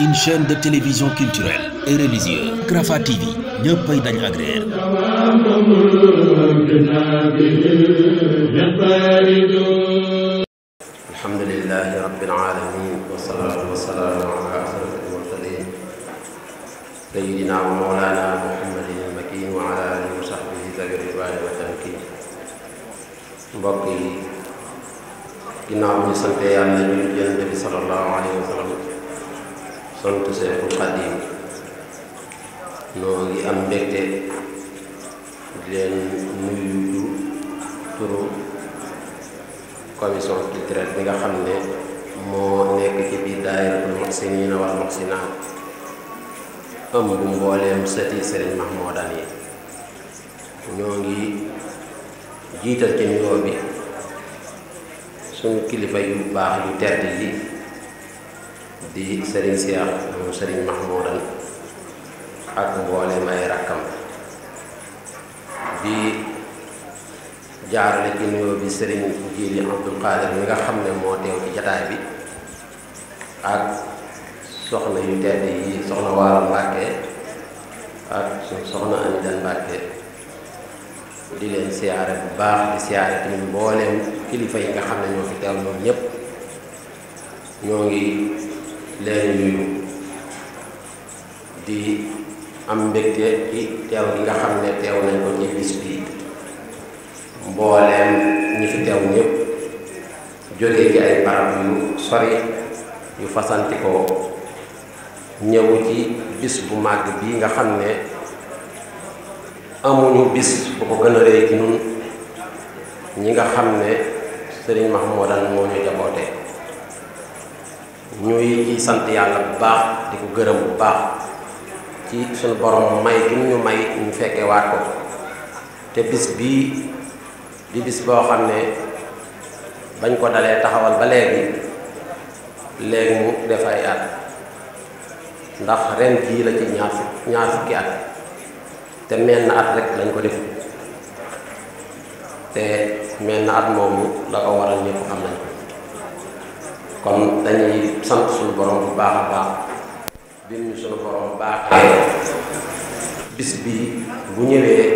une chaîne de télévision culturelle et religieuse Rafah TV ñëppay dañ agréer alhamdulilahi rabbil alamin wasalaatu wasalaamu ala ashrafil mursalin sayidina wa mawlana muhammadin almakin wa ala alihi wa sahbihi zawi ridwani wa tamkin mbokk yi ginnaaw bi ñu sante yàlla ñu jënd bi sallallahu alayhi wa sallam sant Seexul Xadiim noo ngi am mbégte leen nuyu turu commission culturelle bi nga xam ne moo nekk ci biir daayiratul muxsiniina wal muxsinaat ëmb mbooleem sëti Sëriñ Mahmoudan yi ñoo ngi jiital ci nuyoo bi suñu kilifa yu baax yu tedd yi di sëriñ Seex moom sëriñ Mahmoudan ak mboolem ay rakkam di jaarale ci nuyoo bi sëriñ Jiili Abdul Qaadir mi nga xam ne moo teew ci jataay bi ak soxna yu tedd yi soxna Waara Mbàkke ak soxna Amidan Mbàkke di leen siyaare bu baax di siyaare tamit mbooleem kilifa yi nga xam ne ñoo fi teew ñoom ñépp ñoo ngi leen nuyu di am mbégte ci teew gi nga xam ne teew nañ ko ci bis bi mbooleem ñi fi teew ñëpp jógee ci ay barab yu sori yu fasanti ko ñëw ci bis bu màgg bi nga xam ne amuñu bis bu ko gën a rëy ci ñun ñi nga xam ne Serigne Mahmoudan moo ñu jaboote ñuy sant yàlla bu baax di ko gërëm bu baax ci suñu borom may gi ñu may ñu fekkee waat ko te bis bii di bis boo xam ne bañ ko dalee taxawal ba léegi léegi mu def ay at ndax ren jii la ci ñaar ñaar fukki at te mel na at rek lañ ko def te mel na at moomu la ko waral ñëpp xam nañ kon dañuy sant suñu borom bu baax a baax bi ñu suñu borom baaxee bis bi bu ñëwee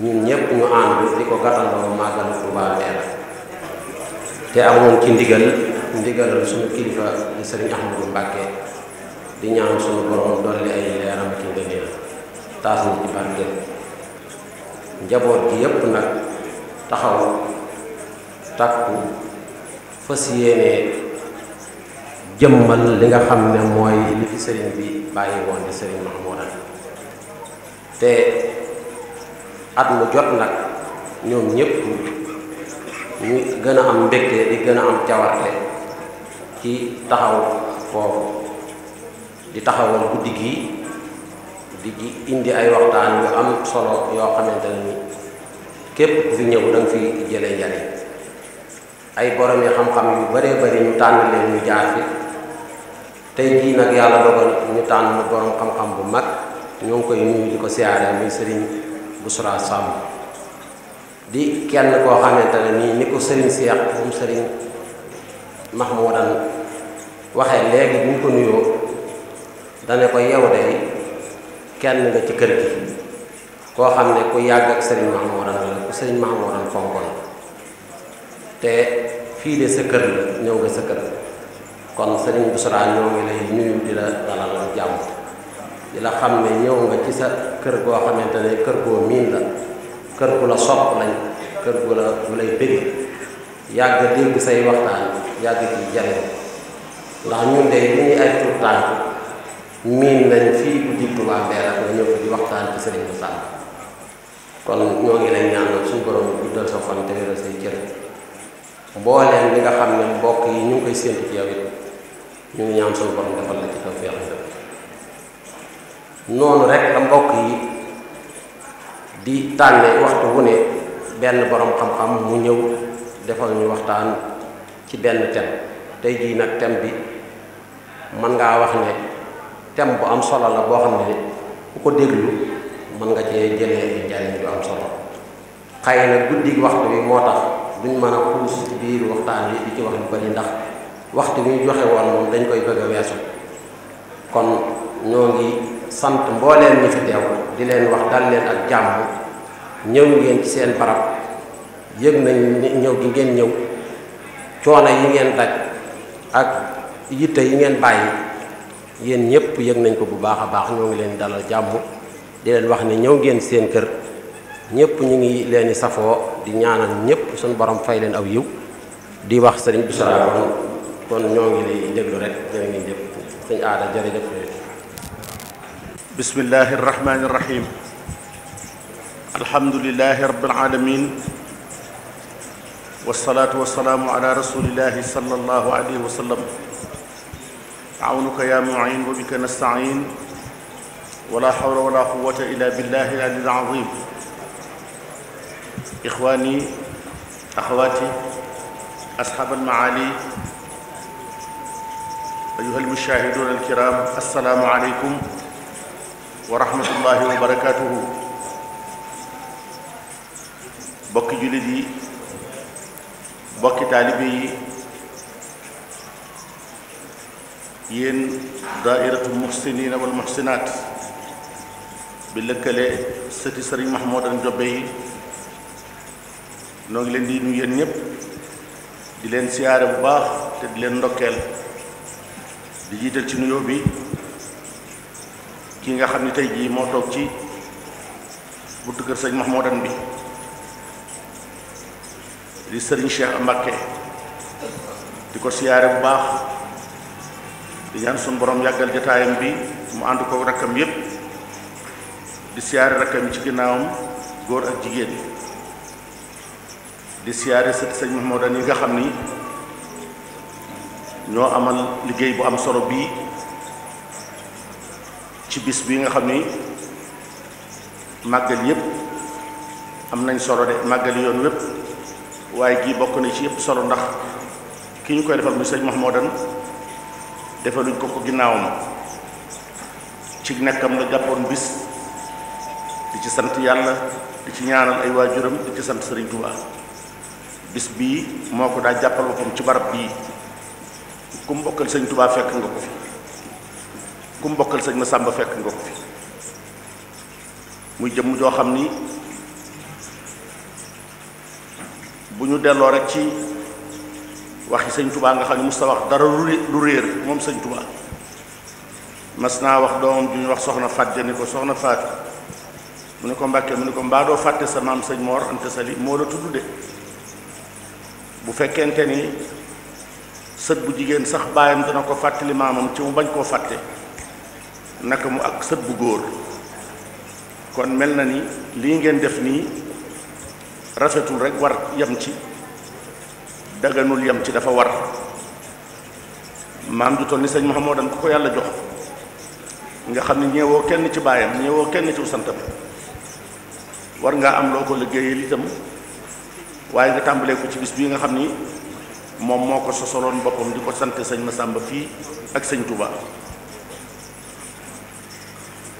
ñun ñëpp ñu ànd di ko gàttandoo màggal Touba Leral te amoon ci ndigal ndigal suñu kilifa di sëriñ Ahmadou Mbàkke di ñaan suñu borom dolli ay leeram ci ngëneel taas na ci barke njaboot gi yépp nag taxaw takku fas yéene jëmmal li nga xam ne mooy li fi sëriñ bi bàyyi woon di sëriñ Mahmoudan te at mu jot nag ñoom ñëpp ñu gën a am mbégte di gën a am cawarte ci taxaw foofu di taxawal guddi gi di indi ay waxtaan yu am solo yoo xamante ne ni képp ku fi ñëw da nga fi jëlee njariñ ay borom yi xam-xam yu baree bari ñu tànn leen ñu jaar fi tey jii nag yàlla dogal ñu tànn borom xam-xam bu mag ñoo ngi koy nuyu di ko siyaare muy sëriñ Busra Samb di kenn koo xamante ne nii ni ko sëriñ Seex moom sëriñ Mahmoudan waxee léegi bu ko nuyoo dane ko yow day kenn nga ci kër gi koo xam ne ku yàgg ak sëriñ Mahmoudan la ku sëriñ Mahmoudan fonkoon te fii de sa kër la ñëw nga sa kër kon sëriñ Bouchra ñoo ngi lay nuyu di la dalal jàmm di la xam ne ñëw nga ci sa kër goo xamante ne kër goo miin la kër gu la sopp lay bëgg yàgg dégg say waxtaan yàgg ci jariñ ndax ñun de li ñuy ay tur miin lañ fii bu digg waa Mbeera ñëw ko di waxtaan ci sëriñ kon ñoo ngi lay ñaanal suñu borom guddal sa fan te wéral say cër mbooleem li nga xam ne mbokk yi ñu ngi koy séentu ci yow ñu ngi ñaan suñu borom defal la ci tawfeex noonu rek la mbokk yi di tànne waxtu wu ne benn borom xam-xam mu ñëw defal ñu waxtaan ci benn thème tey jii nag thème bi mën ngaa wax ne thème bu am solo la boo xam ne ku ko déglu mën nga cee jëlee njariñ ju am solo xëy na guddi waxtu bi moo tax duñ mën a xuus biir waxtaan wi di ci wax lu bari ndax waxtu bi ñu joxe woon moom dañ koy bëgg a weesu kon ñoo ngi sant mbooleen ñu fi teew di leen wax dal leen ak jàmm ñëw ngeen ci seen barab yëg nañ ñëw gi ngeen ñëw coono yi ngeen daj ak yitte yi ngeen bàyyi yéen ñëpp yëg nañ ko bu baax a baax ñoo ngi leen dalal jàmm di leen wax ne ñëw ngeen seen kër ñëpp ñu ngi leen safoo di ñaanal ñëpp suñu borom fay leen aw yiw di wax sëriñ bi salaam kon ñoo ngi lay déglu rek jërë ngeen jëf sëñ aada jërëjëf bismillahi arrahmani irrahim alhamdulilahi rabbil alamin wasalaatu wasalaamu ala rasulillahi sallallahu alayhi wa sallam awnuka ya muin wa bika nastain wala hawla wala quwata illa billahi alil azim ixwaani axawaati asxaabal maali ayuhal mushaahiduuna alkiraam assalaamu aleykum wa rahmatullaahi wa barakaatuhu bokki jullit yi bokki taalibe yi yéen daairatu muxsiniina wal muxsinaat bi lëkkale sëti sëriñ Mahmoudan Jobe yi noo ngi leen di nuyu yéen ñëpp di leen siyaare bu baax te di leen ndokkeel di jiital ci nuyoo bi kii nga xam ni tey jii moo toog ci buntu kër sëñ Mahmoudan bi di sëriñ Cheikh Mbacké di ko siyaare bu baax di ñaan suñu boroom yàggal jotaayam bi mu ànd ko rakkam yépp di siyaare rakkam yi ci ginnaawam góor ak jigéen di siyaare sët sëñ Mahmoudan yi nga xam ni ñoo amal liggéey bu am solo bii ci bis bii nga xam ni màggal yépp am nañ solo de màggal yoon wépp waaye gii bokk nañ ci yépp solo ndax ki ñu koy defal muy sëñ Mahmoudan defaluñ ko ko ginnaawam ci nekkam la jàppoon bis di ci sant yàlla di ci ñaanal ay waajuram di ci sant Sëriñ Tuubaa bis bii moo ko daa jàppal boppam ci barab bii ku mu bokkal sëñ Tuubaa fekk nga ko fi ku mu bokkal sëñ fekk nga ko fi muy jëmm joo xam ni bu ñu delloo rek ci waxi sëñ Tuubaa nga xam ne musta wax dara lu réer moom sëñ Tuubaa mas naa wax doomam ju ñu wax soxna Faat ni ko soxna Faat mu ne ko Mbàkke mu ne ko mbaa doo fàtte sa maam sëñ Moor Anta Sali moo la tudd de bu fekkente ni sët bu jigéen sax baayam dana ko fàttali maamam ci mu bañ koo fàtte naka mu ak sët bu góor kon mel na ni lii ngeen def nii rafetul rek war yam ci daganul yem ci dafa war maam ju toll ni sëñ Mouhamadou ku ko yàlla jox nga xam ne ñeewoo kenn ci baayam ñeewoo kenn ci santam war ngaa am loo ko liggéeyal itam waaye nga tàmbalee ko ci bis bii nga xam ni moom moo ko sosoloon boppam di ko sant sëñ Masamba fii ak sañ Touba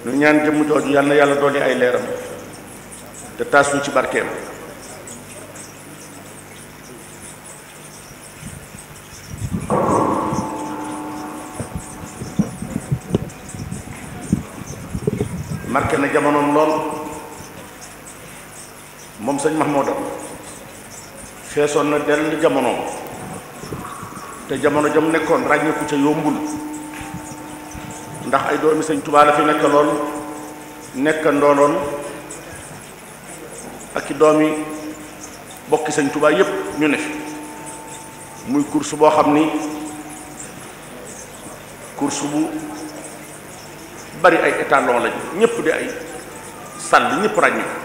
ñu ñaan jëmm jooju yàlla na yàlla dolli ay leeram te taas ci barkeem marqué na jamonoom lool moom sëñ Mahmouda feesoon na dell jamonoom te jamono jam nekkoon ràññeeku ca yombul ndax ay doomi sañ Tuubaa la fi nekk lool nekk ndooloon ak i doomi bokki sëñ Tuubaa yépp ñu ne fi muy course boo xam ni course bu bari ay étalon lañ ñëpp di ay sàll ñëpp ràññeeku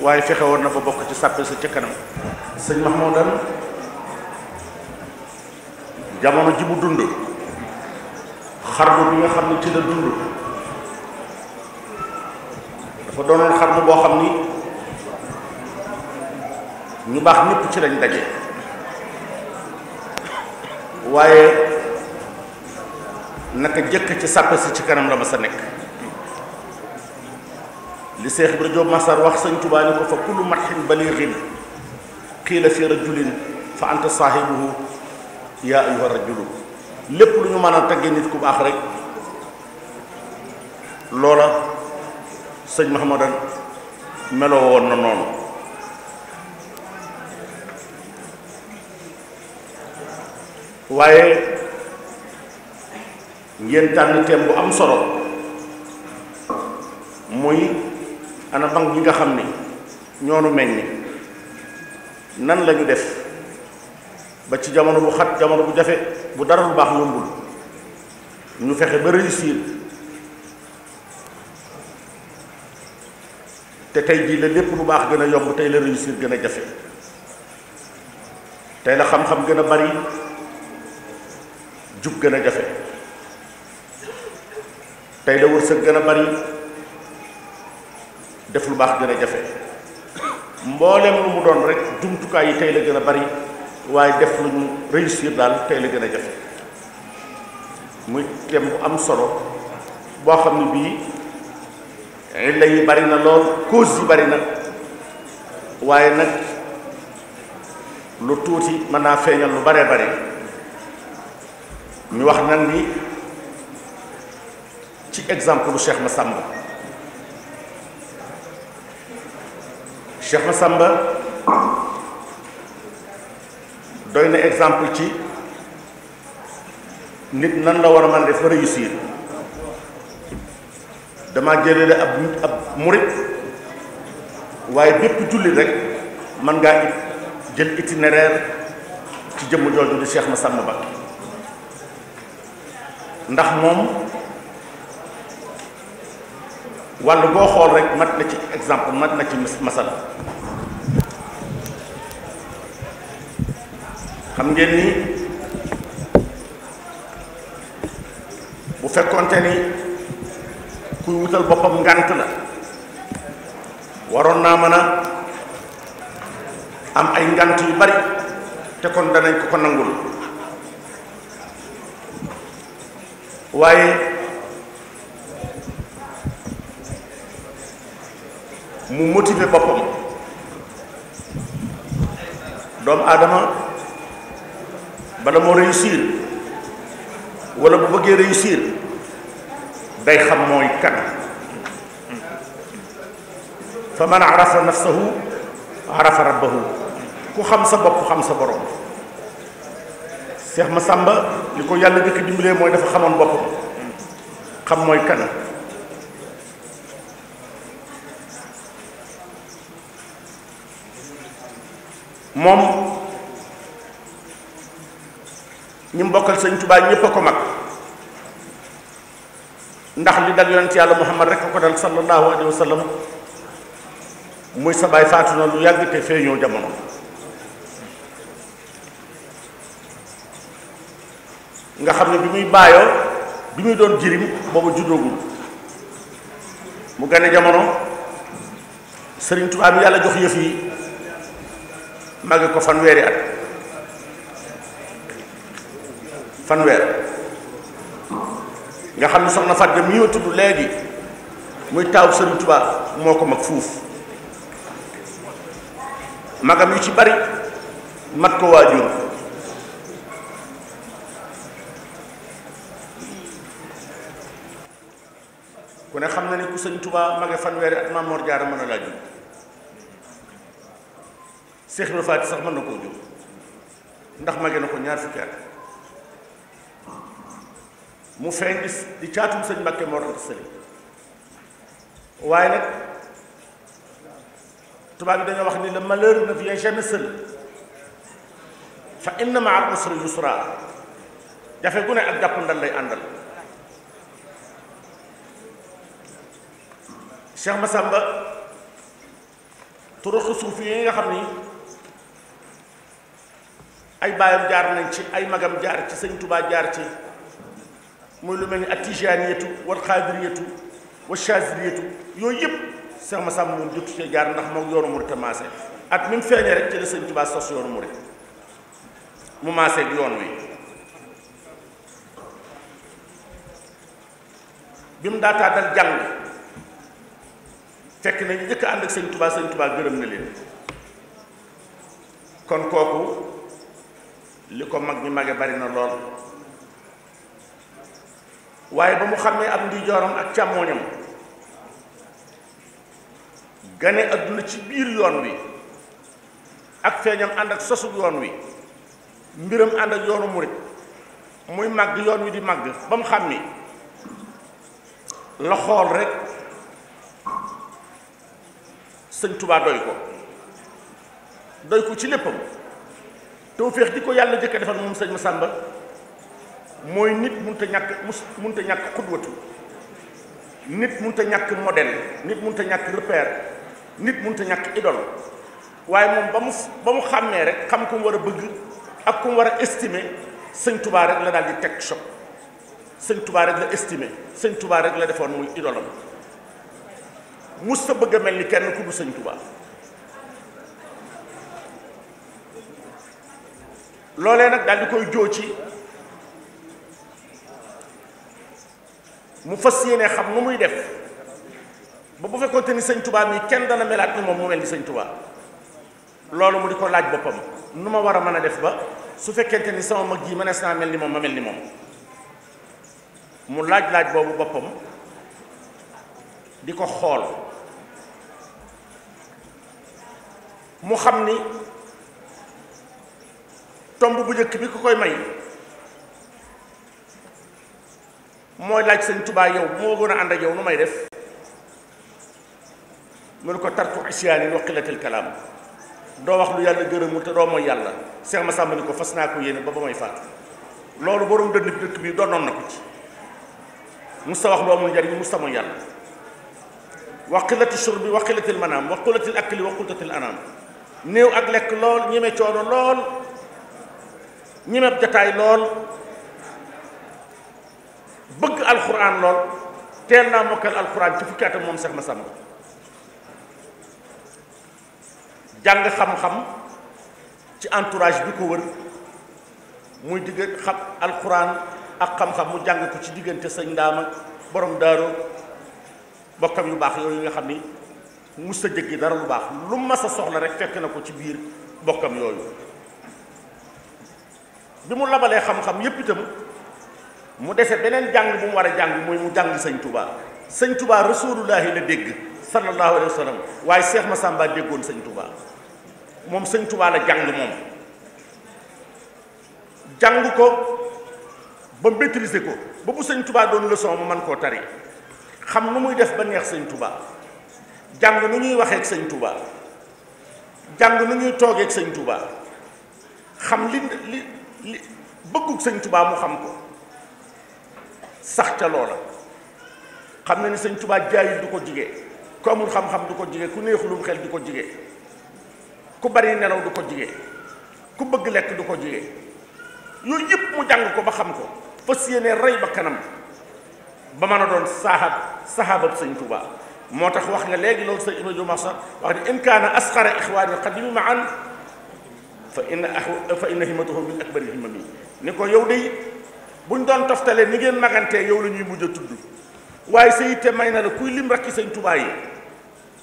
waaye fexe na fa bokk ci sàppe sa ca kanam sëñ Mahmoudan jamono ji mu dund xarnu bi nga xam ne ci la dund dafa doonoon xarnu boo xam ni ñu baax ñëpp ci lañ daje waaye naka jëkk ci sàppe sa ci kanam la ma sa nekk li Seex Ibra Jóob Masar wax sëñ Tubaa ni ko fa kullu matxin baliixin xiila fi rajulin fa anta saahibuhu yaa ayyuha rajulu lépp lu ñu mën a tagge nit ku baax rek loola sëñ Mahamadan meloo woon na noonu waaye ngeen tànn thème bu am solo muy ana banque yi nga xam ni ñoonu ni nan lañu def ba ci jamono bu xat jamono bu jafe bu dara lu baax yombul ñu fexe ba réussir te tey jii la lépp lu baax gën a yomb tey la réussir gën a jafe tey la xam-xam gën a bari jub gën a jafe tey la wërsëg gën a bari def lu baax dina jafe mboolem lu mu doon rek jumtukaay yi tey la gën a bari waaye def lu mu réussir daal tey la gën a jafe muy dem bu am solo boo xam ne bii illa yi bari na lool cause yi bari na waaye nag lu tuuti mën naa feeñal lu bare bari ñu wax nag ni ci exemple bu Cheikh Massamba Cheikh Massamba doy na exemple ci nit nan la war a mën def ba réussir dama jëlee ab ab murit waaye bépp jullit rek mën ngaa it jël itinéraire ci jëmm jooju di Cheikh Massamba Ba ndax moom wàllu boo xool rek mat na ci exemple mat na ci masala xam ngeen ni bu fekkonte ni kuy wutal boppam ngànt la waroon naa mën a am ay ngant yu bari te kon danañ ko ko nangul waaye mu motiver boppam doomu aadama bala moo réussir wala bu bëggee réussir day xam mooy kan fa man arafa nafsahu arafa rabbahu ku xam sa bopp xam sa borom Seex Masàmba li ko yàlla njëkk dimbalee mooy dafa xamoon boppam xam mooy kan moom ñi mbokkal sëñ Tuubaa ñépp a ko mag ndax li dal yonent yàlla muhammad rek a ko dal sallallahu alayhi wa sallam muy sabaay baay faatu na lu yàgg te feeñoo jamono nga xam ne bi muy baayoo bi muy doon jirim boobu juddoogul mu gane jamono sëriñ Tuubaa yàlla jox yëf yi màgg ko fanweeri at fanweer nga xam ne soxna Fatou mi ma tudd léegi muy taaw Serigne tubaa moo ko mag fuuf magam yu ci bari mat ko waajur ku ne xam na ni ku Serigne Touba mage fanweeri at Maam Mor Jaara mën a laajur Cheikh Ibrahima Faty sax mën na koo jur ndax mage na ko ñaar fukki at mu feeñ di caatum sëñ Mbàkke Mor Anta Sali waaye nag tubaab yi dañoo wax ni le malheur ne vient jamais seul fa inna maal usri yusra jafe gu ne ak jàpp ndal lay àndal ma Massamba turuqi suufi yi nga xam ni ay baayam jaar nañ ci ay magam jaar ci sañ Touba jaar ci muy lu mel ni atijaaniyatu wal xaadiriyatu wa chaziriyatu yooyu yëpp sax ma sàmm moom jotu ci jaar ndax moom yoonu at mi mu feeñee rek ci la sëñ Touba sos maase ak yoon wi bi mu daataa dal jàng fekk nañ jëkk ànd ak sëñ tubaa sëñ Touba gërëm na leen kon kooku li ko mag ñi mage bari na lool waaye ba mu xamee ab ndijooram ak càmmooñam gane adduna ci biir yoon wi ak feeñam ànd ak sosug yoon wi mbiram ànd ak yoonu murit muy màgg yoon wi di màgg ba mu xam ni la xool rek sëñ Tuubaa doy ko doy ko ci léppam tawféex di ko yàlla jëkk defal moom sëñ Massamba mooy nit mënut a ñàkk mus mënut a ñàkk xudwatu nit mënut a ñàkk modèle nit mënut a ñàkk repère nit mënut a ñàkk idole waaye moom ba mu ba mu xàmmee rek xam ku mu war a bëgg ak ku mu war a estimer sëñ Touba rek la daal di teg choc sëñ tubaar rek la estimer sëñ Touba rek la defoon mu idolam mus sa bëgg a mel ni kenn ku du sëñ Touba. loolee nag dal di koy joo ci mu fas yéene xam nu muy def ba bu fekkoonte ni sëñ tubaab mi kenn dana melaat ni moom mu mel ni sëñ tubaa loolu mu di ko laaj boppam nu ma war a mën a def ba su fekkente ni sama mag ji mënees naa mel ni moom ma mel ni moom mu laaj laaj boobu boppam di ko xool mu xam ni tomb bu njëkk bi ku koy may mooy laaj seen tubaay yow bu moo gën a ànd ak yow nu may def mu ne ko tartu asiyaani wa qillatil kalaam doo wax lu yàlla gërëmul te doo mooy yàlla Seex Masàmba ni ko fas naa ko yéene ba ba may faat loolu borom dënn bi dëkk bi doonoon na ko ci mus ta wax lu amul njariñ mus ta mooy yàlla wa qillati shurbi wa qillatil manaam wa qullatil akli wa qullatil anaam néew ak lekk lool ñeme coono lool ñemeb jataay lool bëgg alxuraan lool teel naa mokkal alxuraan ci fukki atam moom Seex Masamba jàng xam-xam ci entourage bi ko wër muy digg xam alxuraan ak xam-xam mu jàng ko ci diggante sëñ ndaama borom daaru bokkam yu baax yooyu nga xam ni mus a jéggi dara lu baax lu mas soxla rek fekk na ko ci biir bokkam yooyu bi mu labalee xam-xam yépp itam mu dese beneen jàng bu mu war a jàng mooy mu jàng sëñ tubaa sëñ tubaa rasulullahi la dégg sallallahu alayhi wa sallam waaye Cheikh Massamba déggoon sëñ tubaa moom sëñ tubaa la jàng moom jàng ko ba maîtriser ko ba bu sëñ tubaa doon leçon mu man koo tari xam nu muy def ba neex sëñ tubaa jàng nu ñuy waxeek sëñ tubaa jàng nu ñuy toogeek sëñ tubaa xam li li li bëggug sëñ tubaa mu xam ko sax ca loola xam na ni sëñ tubaa jaayul du ko jige ku amul xam-xam du ko jige ku neexulum xel du ko jige ku bari nelaw du ko jige ku bëgg lekk du ko jige yooyu yëpp mu jàng ko ba xam ko fas yéene rey ba kanam ba man a doon saahab sahabab sëñ tubaa moo tax wax nga léegi loolu sëñ Ibrahima Diop wax ne in kaana asxara ixwaani xadimi ma an fa inna ahu fa inna himmatahu min akbari himmami ni ko yow de buñ doon toftalee ni ngeen magantee yow la ñuy mujj a tudd waaye sa yitte may na la kuy lim rakki sëñ tubaay yi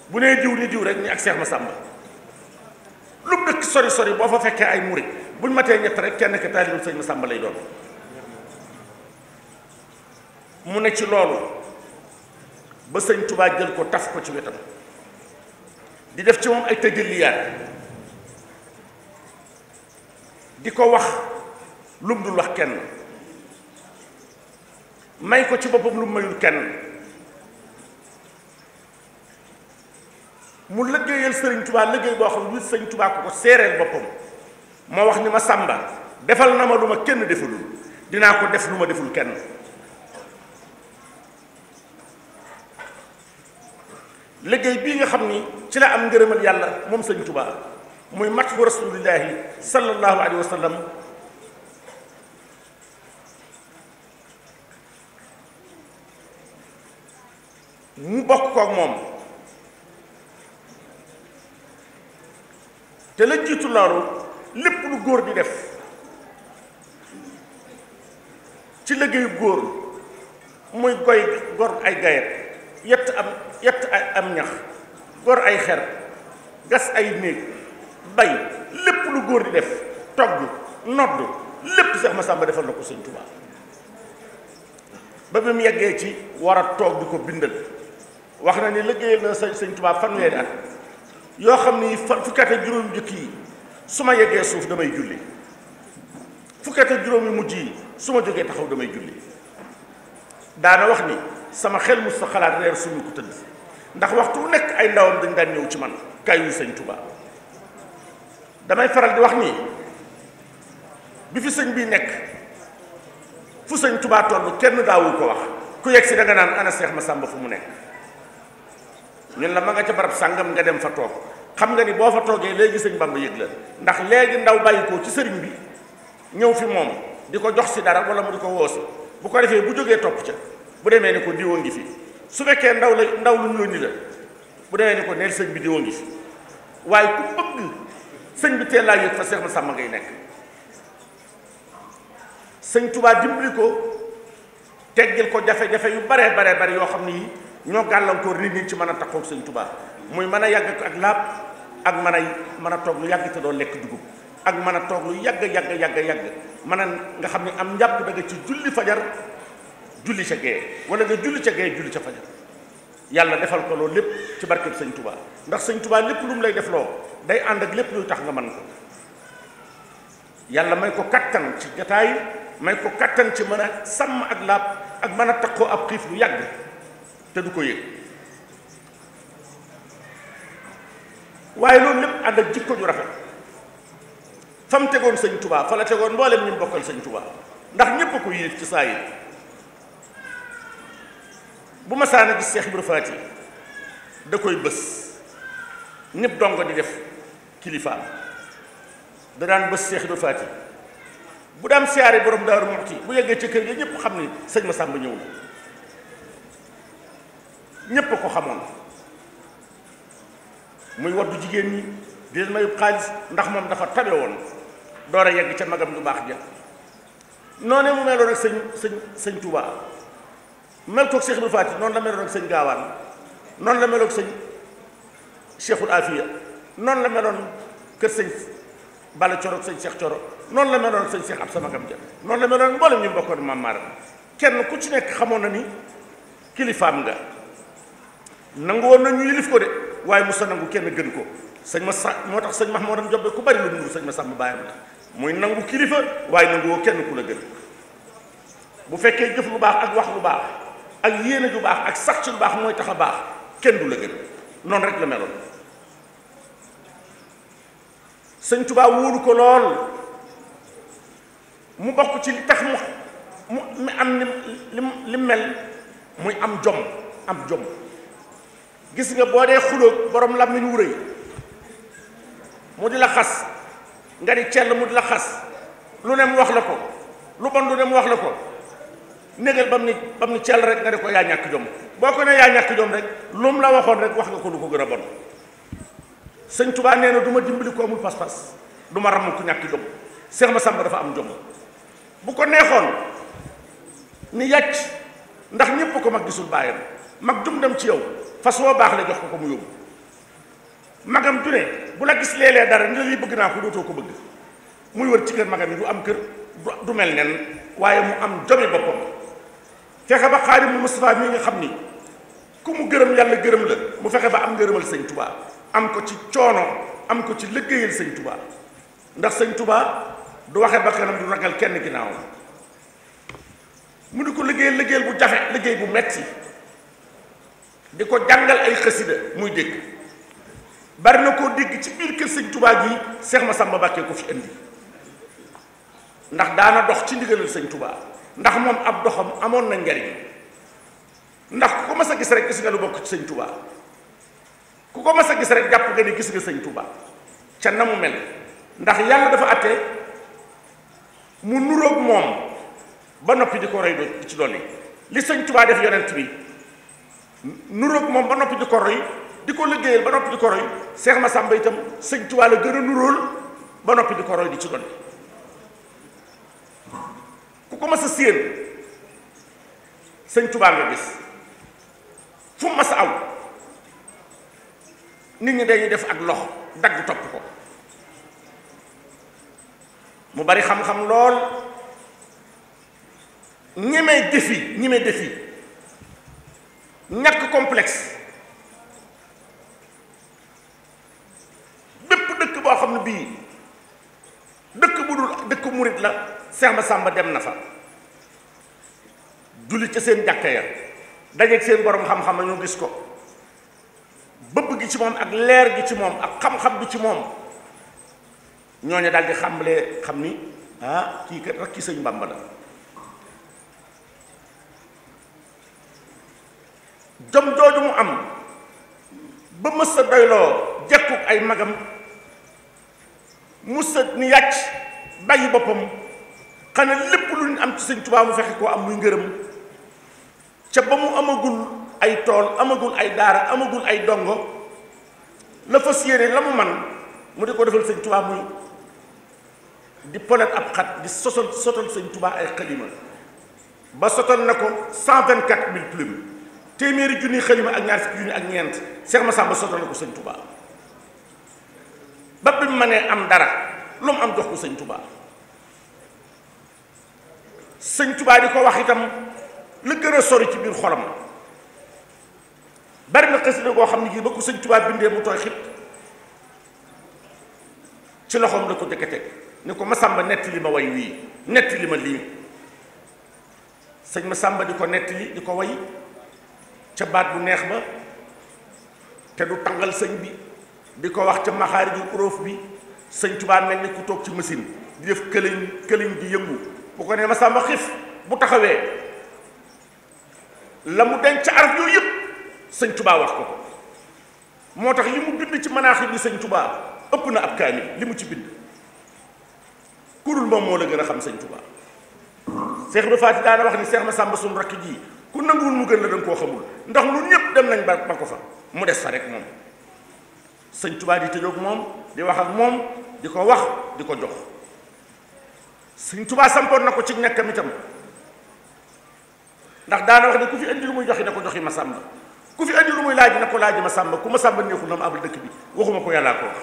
bu nee diw ni diw rek ni ak Seex Masàmba lu mu dëkk sori sori boo fa fekkee ay murit buñ matee ñett rek kenn ka taalibam sëñ Masàmba lay doon mu ne ci loolu ba sëñ Tuubaa jël ko taf ko ci wetam di def ci moom ay tëjëliyaat di ko wax lu mu dul wax kenn may ko ci boppam lu mu mayul kenn mu liggéeyal sëriñ tubaa liggéey boo xam ne sëriñ tubaa ko ko séereel boppam moo wax ni ma sàmba defal na ma lu ma kenn deful dinaa ko def lu ma deful kenn liggéey bii nga xam ni ci la am ngërëmal yàlla moom sëñ tubaa muy mat bu rasulillahi sallallahu alayhi wa sallam mu bokk koog moom te la jiitu loolu lépp lu góor di def ci liggéeyu góor muy goy gor ay gayet yett am yett am ñax gor ay xer gas ay néeg doy lépp lu góor di def togg nodd lépp Seex Masamba defal na ko Sëñ Tuubaa ba bi mu yeggee ci war a toog di ko bindal wax na ni liggéeyal na sañ Sëñ Tuubaa fanweeri at yoo xam ni fan fukki at ak juróom njëkk yi su ma yeggee suuf damay julli fukki at ak juróom yi su ma jógee taxaw damay julli daana wax ni sama xel mu sa xalaat reer suñu ko tëdd ndax waxtu nekk ay ndawam dañ daan ñëw ci man kaay yu Sëñ damay faral di wax nii bi fi sëñ bii nekk fu sëñ Tuubaa toll kenn daawu ko wax ku yegg si da nga naan ana Seex sàmba fu mu nekk ñun la ma nga ca barab sàngam nga dem fa toog xam nga ni boo fa toogee léegi sëñ Bamba yëg la ndax léegi ndaw bàyyi ko ci sëriñ bi ñëw fi moom di ko jox si dara wala mu di ko woosi bu ko defee bu jógee topp ca bu demee ni ko diwoo ngi fi su fekkee ndaw la ndaw lu ñu yónni la bu demee ni ko neel sëñ bi diwoo ngi fi waaye ku sëñ bi teel laa yëg fa Seex Masamba ngay nekk sëñ Tuubaa dimbali ko teggil ko jafe-jafe yu bare bare bare yoo xam ne ñoo gàllankoor nit ñi ci mën a takkook sëñ Tuubaa muy mën a yàgg ak laab ak mën a mën a toog lu yàgg te doo lekk dugub ak mën a toog lu yàgg yàgg yàgg yàgg mën a nga xam ne am njàpp da ci julli fajar julli ca gee wala nga julli ca gee julli ca fajar yàlla defal ko loolu lépp ci barkeb sëñ tubaa ndax sëñ Touba lépp lu mu lay def loo day ànd ak lépp luy tax nga man ko yàlla may ko kattan ci jataay may ko kattan ci mën a sàmm ak laab ak man a takkoo ab xiif lu yàgg te du ko yëg waaye loolu lépp ànd ak jikko ju rafet fa mu tegoon sëñ tubaa fa la tegoon mboolem ñu bokkal sañ tubaa ndax ñépp a ko yéeg ci saa yi bu ma saana gis Seex Ibra Faati da koy bës ñëpp dongo di def kilifaam da daan bës Seex Ibra Faati bu daan siyaare borom Daaru Muxti bu yeggee ci kër ga ñëpp xam ni sëñ Masamba ñëw na ñépp ko xamoon muy waddu jigéen ñi di leen mayub xaalis ndax moom dafa tabe woon door a yegg ca magam lu baax ja noonee mu meloon ak sëñ sëñ sëñ mel koog Cheikh Ibra Faati noonu la meloon ak sëñ Gaawaan noonu la meloon ak sëñ Cheikhul Afiya noonu la meloon kër sëñ Balla Coro ak sëñ Cheikh Coro noonu la meloon ak sëñ seex ab Magam ja noonu la meloon mboolem ñu bokkoon Maam Maaram kenn ku ci nekk xamoon na ni kilifaam nga nangu woon na ñu yilif ko de waaye kenn gën ko sëñ ma sa moo tax sëñ Mahmoudam Jobbe ku bari lu mu nuru sëñ ma sàmm baayam la muy kilifa waaye nangu kenn ku la gën bu fekkee jëf lu baax ak wax lu baax ak yéene ju baax ak sax ci lu baax mooy tax a baax kenn du la noonu rek la meloon sëñ Tuubaa wóolu ko lool mu bokk ci li tax mu mu mi am li li mel muy am jom am jom gis nga boo dee xulóog borom la wu rëy mu di la xas nga di cell mu di la xas lu ne mu wax la ko lu bon lu ne mu wax la ko néegal ba mu ni ba mu ni cell rek nga ne ko yaa ñàkk jom boo ko ne yaa ñàkk jom rek lu mu la waxoon rek wax nga ko lu ko gën a bon sëñ Tuubaa nee na du ma dimbali ko amul pas-pas du ma ramm ku ñàkk jom Seex Masamba dafa am jom bu ko neexoon ni yàcc ndax ñépp ko mag gisul bàyyam mag jum dem ci yow fas woo baax la jox ko ko mu yóbbu magam june bu la gis léeg-léeg dara ni li bëgg naa ko dootoo ko bëgg muy wër ci kër magam yi du am kër du mel nen waaye mu am jomi boppam fexe ba xaadimul Mustafa mi nga xam ni ku mu gërëm yàlla gërëm la mu fexe ba am ngërëmal sëñ Touba am ko ci coono am ko ci liggéeyal sëñ Touba ndax sañ tubaa du waxe ba kanam du ragal kenn ginnaaw mu di ko liggéeyal liggéeyal bu jafe liggéey bu metti di ko jàngal ay xasida muy dégg bari na koo dégg ci biir kër tubaa Touba seex ma Massamba Mbacké ko fi indi ndax daana dox ci ndigalal sëñ tubaa ndax moom ab doxam amoon na njariñ ndax ku ko mas a gis rek gis nga lu bokk ci sëñ Touba ku ko mas a gis rek jàpp nga ni gis nga sañ Touba ca na mu mel ndax yàlla dafa atte mu nuroog moom ba noppi di ko roy ci dolli li sëñ Touba def yonent bi nuroog moom ba noppi di ko roy di ko liggéeyal ba noppi di ko roy Seex Masamba itam sëñ Touba la gën a nuróol ba noppi di ko roy di ci dolli ko mas a séen sëñ Tuubaa nga gis fu mas a aw nit ñi dañuy def ak lox dagg topp ko mu bari xam-xam lool ñemee défi ñemee défi ñàkk complexe bépp dëkk boo xam ne bii dëkk bu dul dëkk murit la Seex sàmba dem na fa julli ca seen jàkka ya dajeeg seen borom xam-xam ñu gis ko bëbb gi ci moom ak leer gi ci moom ak xam-xam bi ci moom ñooñu daal di xamlee xam ni ah kii kat rakki sëñ Bàmba la jom jooju mu am ba mës a doyloo jekkuk ay magam mës a ni yàcc bàyyi boppam xanaa lépp lu ñu am ci sëñ Tuubaa mu fexe koo am muy ngërëm ca ba mu amagul ay tool amagul ay daara amagul ay dongo la fas yéene la mu man mu di ko defal sëñ Tuubaa mu di polet ab xat di sosol sotal sëñ Tuubaa ay xalima ba sotal na ko cent vingt quatre mille plumes téeméeri junni xalima ak ñaar fukki junni ak ñeent ma Massamba sotal na ko sëñ Tuubaa ba bi mu ne am dara lu mu am jox ko sëñ tubaa sëñ Tuubaa di ko wax itam li gën a sori ci biir xolam bari na xasida boo xam ne gii ba ko sëñ Tuubaa bindee mu tooy xit ci loxoom la ko jëkk ni ko Masamba nett li ma way wii nett li ma lii sëñ Masamba di ko nett yi di ko way ca baat bu neex ba te du tàngal sëñ bi di ko wax ca maxaari ju uróof bi sëñ Tuubaa mel ni ku toog ci machine di def këliñ këliñ di yëngu bu ko nee Masamba xiif bu taxawee la mu denc araf yooyu yëpp sëñ tubaa wax ko moo tax li mu bind ci manaaxib bi sëñ tubaa ëpp na ab kaani li mu ci bind kurul moom moo la gën a xam sëñ tubaa seex bi faati daana wax ni seex na sàmba suñu rakk jii ku nanguwul mu gën la danga koo xamul ndox lu ñëpp dem nañ ba ba ko fa mu des fa rek moom sëñ tubaa di tëjoog moom di wax ak moom di ko wax di ko dox sëñ tubaa sampoon na ko ci ñàkkam itam ndax daana wax ne ku fi indi lu muy joxi na ko joxi ma sàmba ku fi indi lu muy laaj na ko laaj ma sàmba ku ma sàmba neexul na ma abal dëkk bi waxuma ko yàllaa ko wax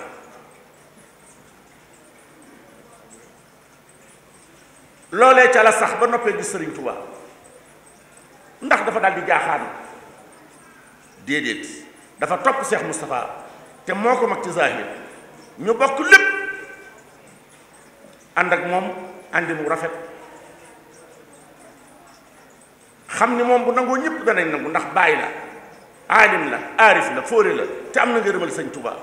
loolee ca la sax ba noppee gis sëriñ Tuubaa ndax dafa daal di jaaxaan déedéet dafa topp Cheikh Moustapha te moo ko mag ci zahir ñu bokk lépp ànd ak moom àndi mu rafet xam ni moom bu nangoo ñëpp danañ nangu ndax bàyyi la aalim la aarif la fóore la te am na ngërëmal sëñ Tuubaa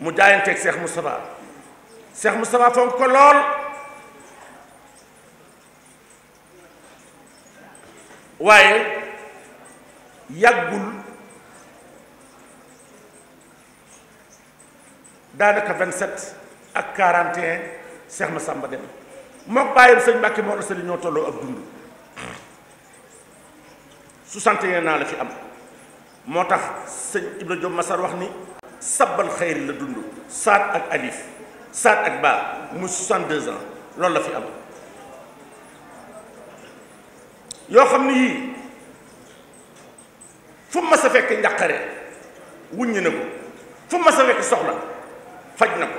mu jaayanteeg seex Moustapha Cheikh Moustapha fonk ko lool waaye yàggul daanaka 27 ak 41 Cheikh Massamba dem mook bàyyam sëñ Mbàkke Mor Sali ñoo tolloo ak dund 61 naa la fi am moo tax sëñ Ibra Diop Massar wax ni sabbal xayri la dund saat ak alif saat ak baa mu 62 ans loolu la fi am yoo xam ne yii fu mu mas fekk njàqare wuññi ne ko fu mu mas fekk soxla faj na ko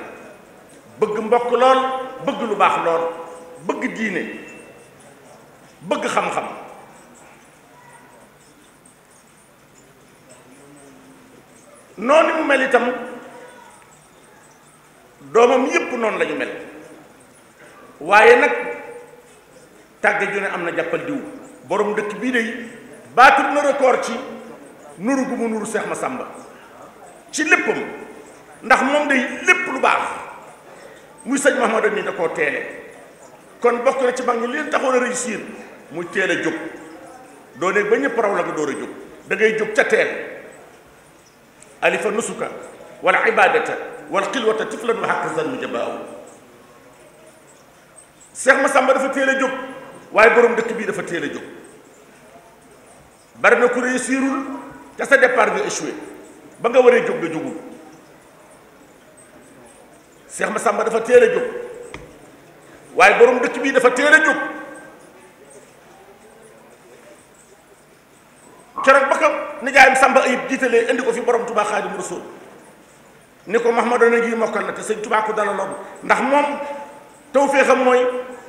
bëgg mbokk lool bëgg lu baax lool bëgg diine bëgg xam-xam noonu mu mel itam doomam yépp noonu lañu ñu mel waaye nag tàgg ju ne am na jàppal diw borom dëkk bii day baatul na ci nuru gu mu nuru Seex sàmba ci léppam ndax moom day lépp lu baax muy sëñ Mahamadu ni da koo teele kon bokk na ci mag ñi leen taxoon a réussir muy teel a jóg doo nekk ba ñëpp raw la nga door a jóg da ngay jóg ca teel alifa nusuka wal ibadata wal xilwata tiflan wa hakasan mujabaaw Seex Masamba dafa teel a jóg waaye borom dëkk bii dafa teel a jóg bari na ku réussirul te sa départ nga échoué ba nga waree jóg nga jógul Seex Masamba dafa teel a jóg waaye borom dëkk bii dafa teel a jóg keroog ba ko nijaayam Samba Ayib jiitalee indi ko fi borom Touba Xaadimu Rasuul ni ko ma dana ngi mokkal na te sëñ Touba ko dana loolu ndax moom tawféexam mooy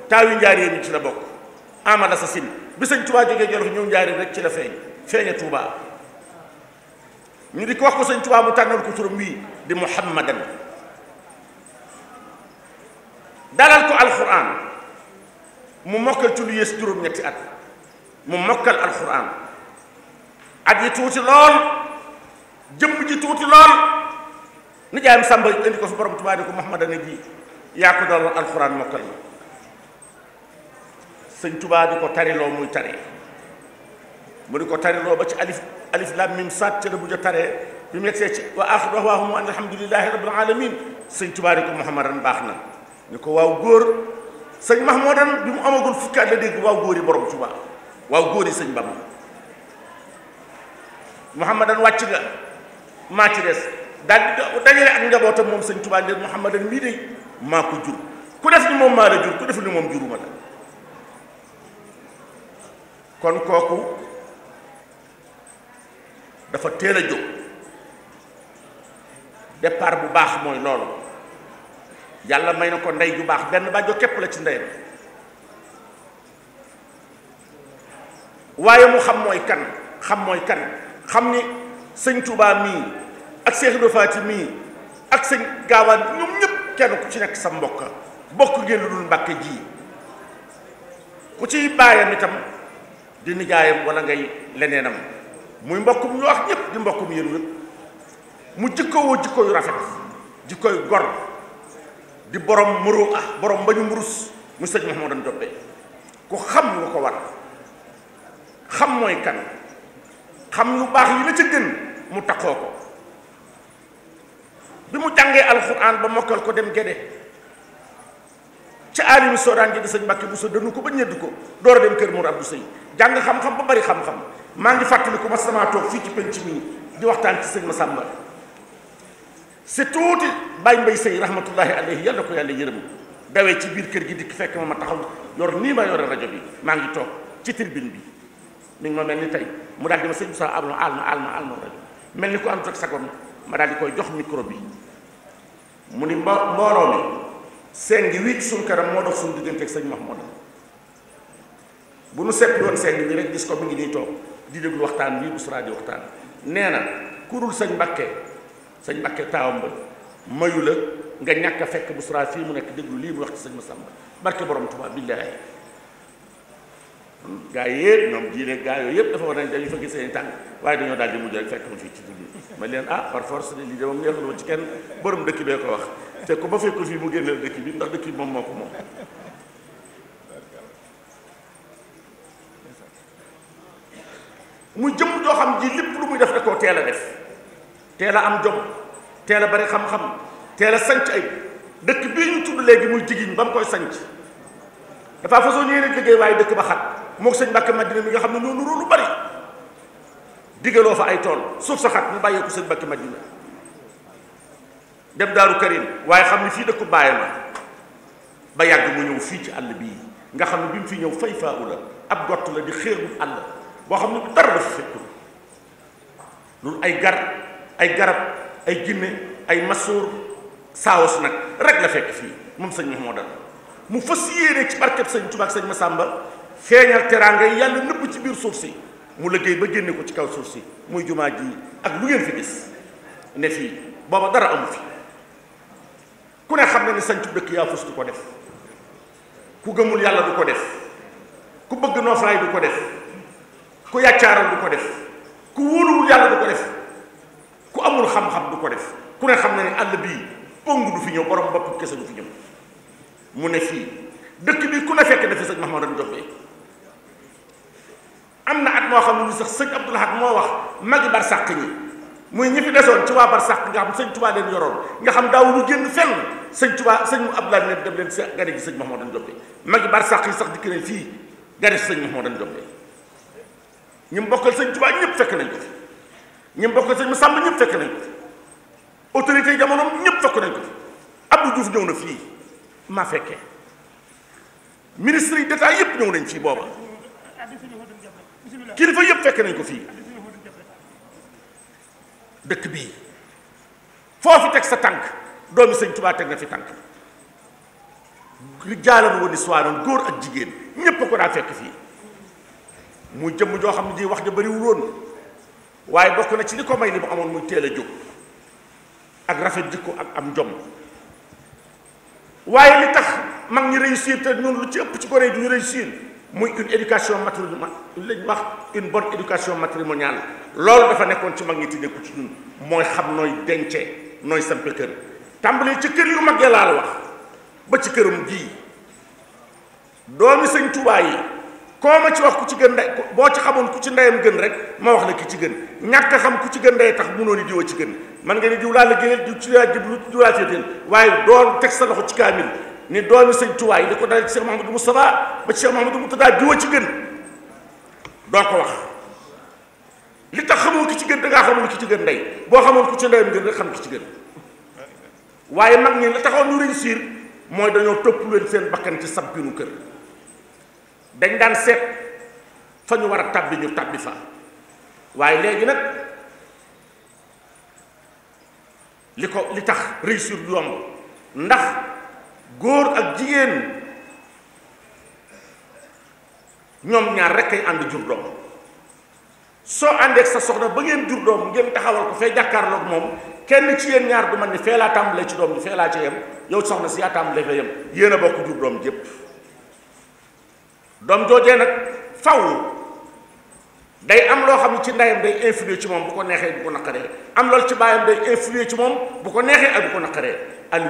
taawi njaaree bi ci la bokk amada sa bi sëñ Touba jógee Jolof ñëw njaaree rek ci la feeñ feeña Touba di ko wax ko sañ tubaa mu tànnal ko turam wii di Muhammadan dalal ko alxuraan mu mokkal ci yées juróom-ñetti at mu mokkal alxuraan at yi tuuti lool jëmm ji tuuti lool nijaayam sàmba indi ko fi borom Tuubaa ni ko Muhammadan bi yaa ko doon alxuraan mokkal ma sëñ Tuubaa di ko tariloo muy tari mu di ko tariloo ba ci alif alif lam mim saat ca la bu ja taree bi mu yegsee ci wa aaxiru da'waahum an alhamdulillahi rabbil aalamiin sëñ Tuubaa ni ko Muhammadan baax na ni ko waaw góor sëñ Mahmoudan bi mu amagul fukki at la dégg waaw góor yi borom Tuubaa waaw góor yi sëñ Bamba muhammadan wàcc nga maa ci des daal di dajale ak njabootam moom sëñ Tuubaa ne muhammadan mii de maa ko jur ku def ni moom maa la jur ku def ni moom juruma la kon kooku dafa teel a jóg départ bu baax mooy loolu yàlla may na ko ndey ju baax benn bàjjo képp la ci ndeyam waaye mu xam mooy kan xam mooy kan xam ni sëñ Touba mii ak Cheikh mii ak sëñ Gaawaan ñoom ñëpp kenn ku ci nekk sa mbokk bokk ngeen lu dul mbàkke ji ku ciy baayam itam di nijaayam wala ngay leneenam muy mbokkum ñu wax ñëpp di mbokkum yéen ñëpp mu jikkowoo jikko yu rafet jikko yu gor di borom muru ah borom mbañu murus mu sëñ Mahamadan Jobe ku xam nga ko war xam mooy kan xam yu baax yi la ca gën mu taxoo ko bi mu jàngee alxuraan ba mokkal ko dem gede ci aalimi soodaan ji di sëñ Mbàkke bu sa dënnu ko ba ñedd ko door a dem kër mu Abdou Seye jàng xam-xam ba bari xam-xam maa ngi fàttali ko ma sama toog fii ci penc mi di waxtaan ci sëñ Masamba si tuuti Baye Mbaye Seye rahmatullahi alayhi yàlla ko yàlla yërëm dawee ci biir kër gi dikk fekk ma ma taxaw yor nii ma yore rajo bi maa ngi toog ci tribune bi mi ngi ma mel ni tey mu daal di ma sa Moussa Abdoul alma alma alma rajo mel ni ko am toog sagoon ma daal koy jox micro bi mu ni mbo mbooloo mi seen gi wii suñ kanam moo dox suñu diggante ak sëñ Mahmoud bu nu seppi woon seen gi ñu rek gis ko mu ngi nii toog di déglu waxtaan bii Bichri di waxtaan nee na kurul sañ Mbakke sëñ Mbakke taawam ba mayu la nga ñàkk fekk fekk Bichri fii mu nekk déglu lii mu wax ci sëñ Massamba barke borom Tuubaa billaahi gaa yëpp ñoom jiile gaa yooyu yëpp dafa war nañ dañu fa gisee seen tànk waaye dañoo daal di mujj rek fekk ma fii ci dugub bi ma leen ah par force lii de moom neexul woon ci kenn borom dëkk bee ko wax te ko ma fekkul fii mu génneel dëkk bi ndax dëkk moom moo ko moom jëm joo xam ji lépp lu muy def da teel a def teel a am jom teel bari xam-xam a sanc ay dëkk bii ñu tudd léegi muy jigiñ ba mu koy sanc dafa façon ñee ne waaye dëkk ba xat moog sëñ Mbàkke Madina mi nga xam ne ñoo nuroo lu bari digaloo fa ay tool suuf sa xat mu bàyyee ko sëñ Mbàkke Madina dem daalu Karim waaye xam ne fii dëkku bàyyi ma ba yàgg mu ñëw fii ci àll bii nga xam ne bi mu fi ñëw fay faa la ab gott la di xéer bu àll boo xam ne bu dara dafa fekku loolu ay gar ay garab ay jinne ay masuur saawos nag rek la fekk fii moom sëñ Mahmoudane mu fas yéene ci barkeb sëñ Tuubaa sañ ma sàmba feeñal teraanga yi yàlla nëbb ci biir suuf si mu liggéey ba génne ko ci kaw suuf si muy jumaa ji ak lu ngeen fi gis ne fii booba dara amu fi ku ne xam ne ni sañcu dëkk yaa fus du ko def ku gëmul yàlla du ko def ku bëgg noofraay du ko def ku yàccaaral du ko def ku wóoluwul yàlla du ko def ku amul xam-xam du ko def ku ne xam ne ni àll bii pëng du fi ñëw borom bopp kese du fi ñëw mu ne fii dëkk bii ku ne fekk dafa sëñ Mahamadou Ndiob am na at moo xam ne sax sëñ Abdou Lahad moo wax magi bar sàq ñi muy ñi fi desoon ci waa bar sàq nga xam sëñ Tuubaa leen yoroon nga xam daaw lu génn fenn sëñ Tuubaa sëñ mu Abdou Lahad leen dem leen gane gi sëñ Mahamadan Jobe magi bar sàq sax dikk nañ fii gane si sëñ Mahamadan ñu mbokkal sëñ Tuubaa ñëpp fekk nañ ko fi ñu mbokkal sëñ ñëpp fekk nañ ko fi autorité yi jamono ñëpp fekk nañ ko fi Abdou Diouf ñëw na fii maa fekkee ministre yi d'état yëpp ñëw nañ fii booba kilifa yëpp fekk nañ ko fii dëkk bii foofu teg sa tànk doomi sëñ Tuubaa teg na fi tànk rijaalan wa niswaanan góor ak jigéen ñépp ko daa fekk fii muy jëmm joo xam ne di wax ja bëriwul woon waaye bokk na ci li ko may li mu amoon muy teel a jóg ak rafet jikko ak am njom waaye li tax mag ñi réussir te ñun lu ci ëpp ci ko rey du ñu muy une éducation matrimoniale lañ wax une bonne éducation matrimoniale loolu dafa nekkoon ci mag ñi ne ko ci ñun mooy xam nooy dencee nooy sampe kër tàmbalee ci kër yu mag ya laa la wax ba ci këram bii doomi sëñ Tuubaa yi koo ma ci wax ku ci gën ndey boo ci xamoon ku ci ndeyam gën rek ma wax la ki ci gën ñàkk a xam ku ci gën ndey tax mënoo ni diwa ci gën man nga ni diw laa la génneel diw ci laa jublu diw laa ci waaye doon teg sa loxo ci kaamil ni doomi sëñ Tuubaa yi di ko dale ci Cheikh Mahamadou Moustapha ba Cheikh Mahamadou Moustapha jiwa ci gën doo ko wax li tax xamoo ki ci gën da ngaa xamul ki ci gën ndey boo xamoon ku ci ndeyam gën nga xam ki ci gën waaye mag ñi la taxoon ñu réussir mooy dañoo topp leen seen bakkan ci sab binu kër dañ daan seet fa ñu war a tàbbi ñu tàbbi fa waaye léegi nag li ko li tax réussir du yomb ndax góor ak jigéen ñoom ñaar rek ay ànd jur doom soo àndeek sa soxna ba ngeen jur doom ngeen taxawal ko fee jàkkaarlook moom kenn ci yéen ñaar du man ni fee laa tàmbalee ci doom ji fee laa ca yem yow soxna si yaa tàmbalee fee yem yéen a bokk jur doom jépp doom joojee nag faw day am loo xam ne ci ndeyam day influer ci moom bu ko neexee bu ko naqaree am loolu ci baayam day influer ci moom bu ko neexee ak bu ko naqaree al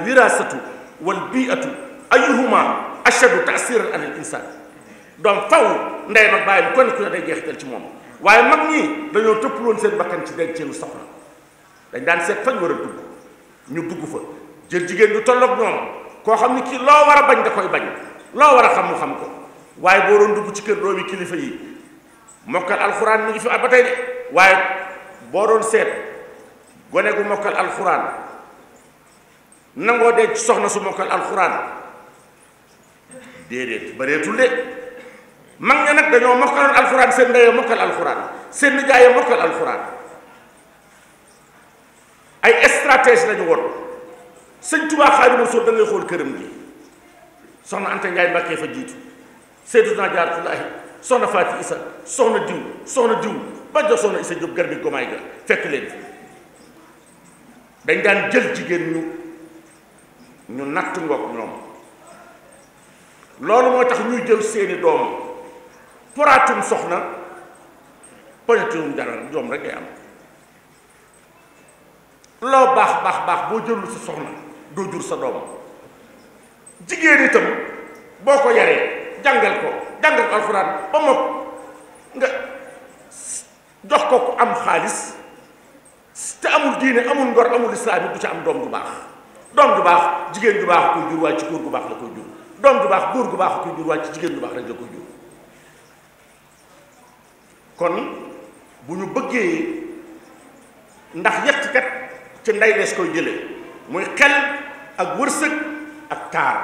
wal biatu ayuhuma ashadu taasiran an al insaan donc faw ndey mag bàyyi kon ku ne day jeexital ci moom waaye mag ñi dañoo tëpp tëpploon seen bakkan ci denceenu soxna dañ daan seet fañ war a dugg ñu dugg fa jël jigéen ñu tolloog ñoom koo xam ni kii loo war a bañ da koy bañ loo war a xam mu xam ko waaye boo doon dugg ci kër doo doomi kilifa yi mokkal alxuraan mi ngi fi ba tey de waaye boo doon seet gone gu mokkal alxuraan nangoo dee soxna su mokkal alxuraan déedéet bareetul de mag ña nag dañoo mokkaloon alxuraan seen ndeyee mokkal alxuraan seen nijaayee mokkal alxuraan ay stratège lañu woon sëñ Tuubaa Xaadimu Rasuul da ngay xool këram gi soxna Anta Njaay Mbàkke fa jiitu Seydatuna Jaaratullaahi soxna Faati Isa soxna diw soxna diw ba jox soxna Isa Jóob gar gomaay ga fekk leen dañ daan jël jigéen ñu natt ngoog ñoom loolu moo tax ñuy jël seeni doom poraatum soxna poñatum dara doom rek am loo baax baax baax boo jëlul sa soxna doo jur sa doom jigéen itam boo ko yaree jàngal ko jàngal ko alxuraan ba mook nga jox ko am xaalis te amul diine amul ngor amul islaam yi du ci am doom bu baax doom du baax jigéen ju baax koy jur waaye ci góor gu baax la koy jur doom ju baax góor gu baax koy jur waaye ci jigéen ju baax rek la koy jur kon bu ñu bëggee ndax yett kat ci ndey lees koy jëlee muy xel ak wërsëg ak taar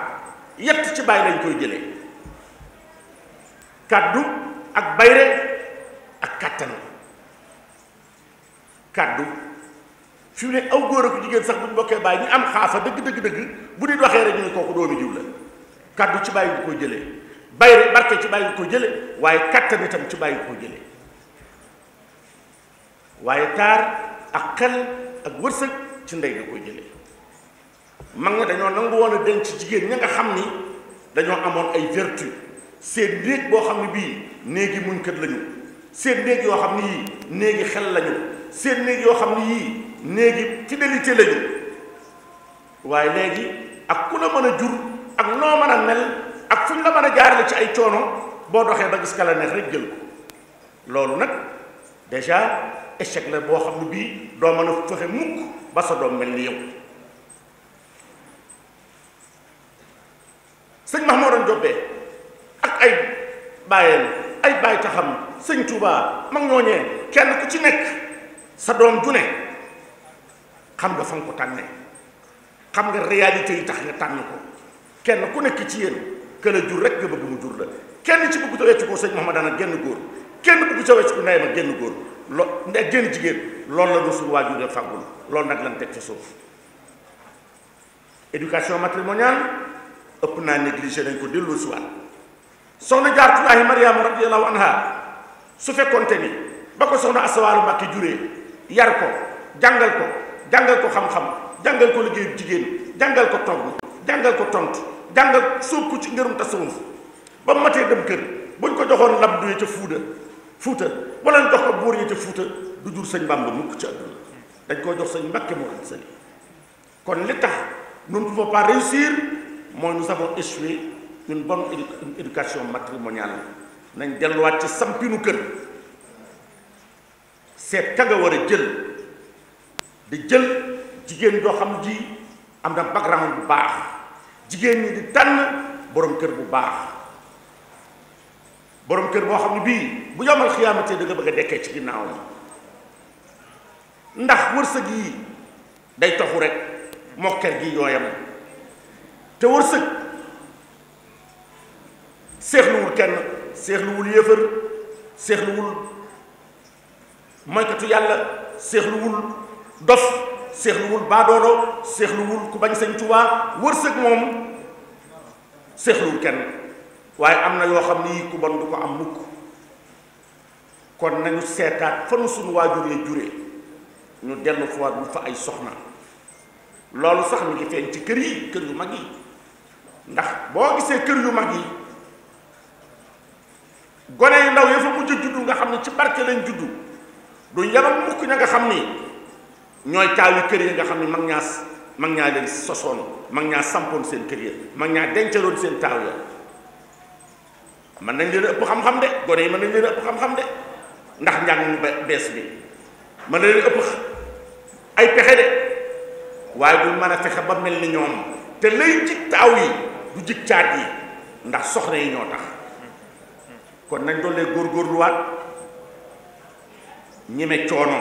yett ci bàyyi lañ koy jële kàddu ak bayre ak kàttan kàddu fi mu ne aw góor ak jigéen sax bu ñu bokkee bàyyi ñu am xaafa dëgg dëgg dëgg bu nit waxee rek ñu ne kooku doomi jiw la kàddu ci bàyyi nga ko jëlee bay rek barke ci bàyyi nga ko jëlee waaye kattan itam ci bàyyi nga ko jëlee waaye taar ak xel ak wërsëg ci ndey nga ko jëlee mag nga dañoo nangu woon a denc jigéen ña nga xam ni dañoo amoon ay vertu seen néeg boo xam ne bii néegi muñ kat lañu seen néeg yoo xam ne yii néegi xel lañu seen néeg yoo xam ne yii néegi fidélité la ñu waaye léegi ak ku la mën a jur ak noo mën a mel ak fu ñu la mën a jaarale ci ay coono boo doxee ba gis ka la neex rek jël ko loolu nag déjà échec la boo xam ne bii doo mën a fexe mukk ba sa doom mel ni yow sëñ Mahmoudan Jobbé ak ay la ay bàyyi taxam sëñ Touba mag ñooñee kenn ku ci nekk sa doom ju ne xam nga fa ko tànnee xam nga réalité yi tax nga tànn ko kenn ku nekk ci yéen que la jur rek nga bëgg mu jur la kenn ci bëgg ta wecc ko sëñ Mouhamadana génn góor kenn bëgg sa wecc ko ndeyam a génn góor lo nde génn jigéen loolu la ñu suñu waajur loolu nag lan teg ca suuf éducation matrimoniale ëpp naa négligé dañ ko dellu si waat soxna jaaratullaahi mariama radiallahu anha su fekkonte ni ba ko soxna asawaaru mbàkki juree yar ko jàngal ko jàngal ko xam-xam jàngal ko liggéeyu jigéen jàngal ko togg jàngal ko tontu jàngal sóob ko ci ngërum tasawuf ba matee dem kër buñ ko joxoon labdu yi ca fuuda fuuta wala ñu jox ko buur yi ca fuuta du jur sëñ Bàmba mukk ci dañ koo jox sëñ Mbàkke moo am kon li tax nous ne pouvons pas réussir mooy nous avons échoué éducation matrimoniale nañ delluwaat ci sampinu kër seet ka nga war a jël di jël jigéen doo xam ji am na background bu baax jigéen ñi di tànn borom kër bu baax borom kër boo xam ne bii bu yomal xiyaamatee da nga bëgg a dekkee ci ginnaaw ndax wërsëg yi day toxu rek moo gi yooyam te wërsëg seexluwul kenn seexluwul yëfër seexluwul moykatu yàlla seexluwul dof seexluwul baadoolo seexluwul ku bañ sëñ Tuubaa wërsëg moom seexluwul kenn waaye am na yoo xam ne yii ku bon du ko am mukk kon nañu seetaat fanu suñu waajur ya jure ñu dellu fa wut ay soxna loolu sax mi ngi feeñ ci kër yi kër yu mag yi ndax boo gisee kër yu mag yi gone yu ndaw ya fa mujj juddu nga xam ne ci barke lañ juddu du yaram mukk ña nga xam ni ñooy taawi kër yi nga xam ni mag ñaa mag ñaa leen sosoon ñaa sampoon seen kër ya mag ñaa dencaloon seen taaw ya mën nañ leen ëpp xam-xam de gone yi man nañ leen ëpp xam-xam de ndax njàng bees bi mën na leen ëpp ay pexe de waaye du man a fexe ba mel ni ñoom te lay jig taaw yi du jig caat yi ndax soxna yi ñoo tax kon nañ góor lee góorgóorluwaat ñeme coono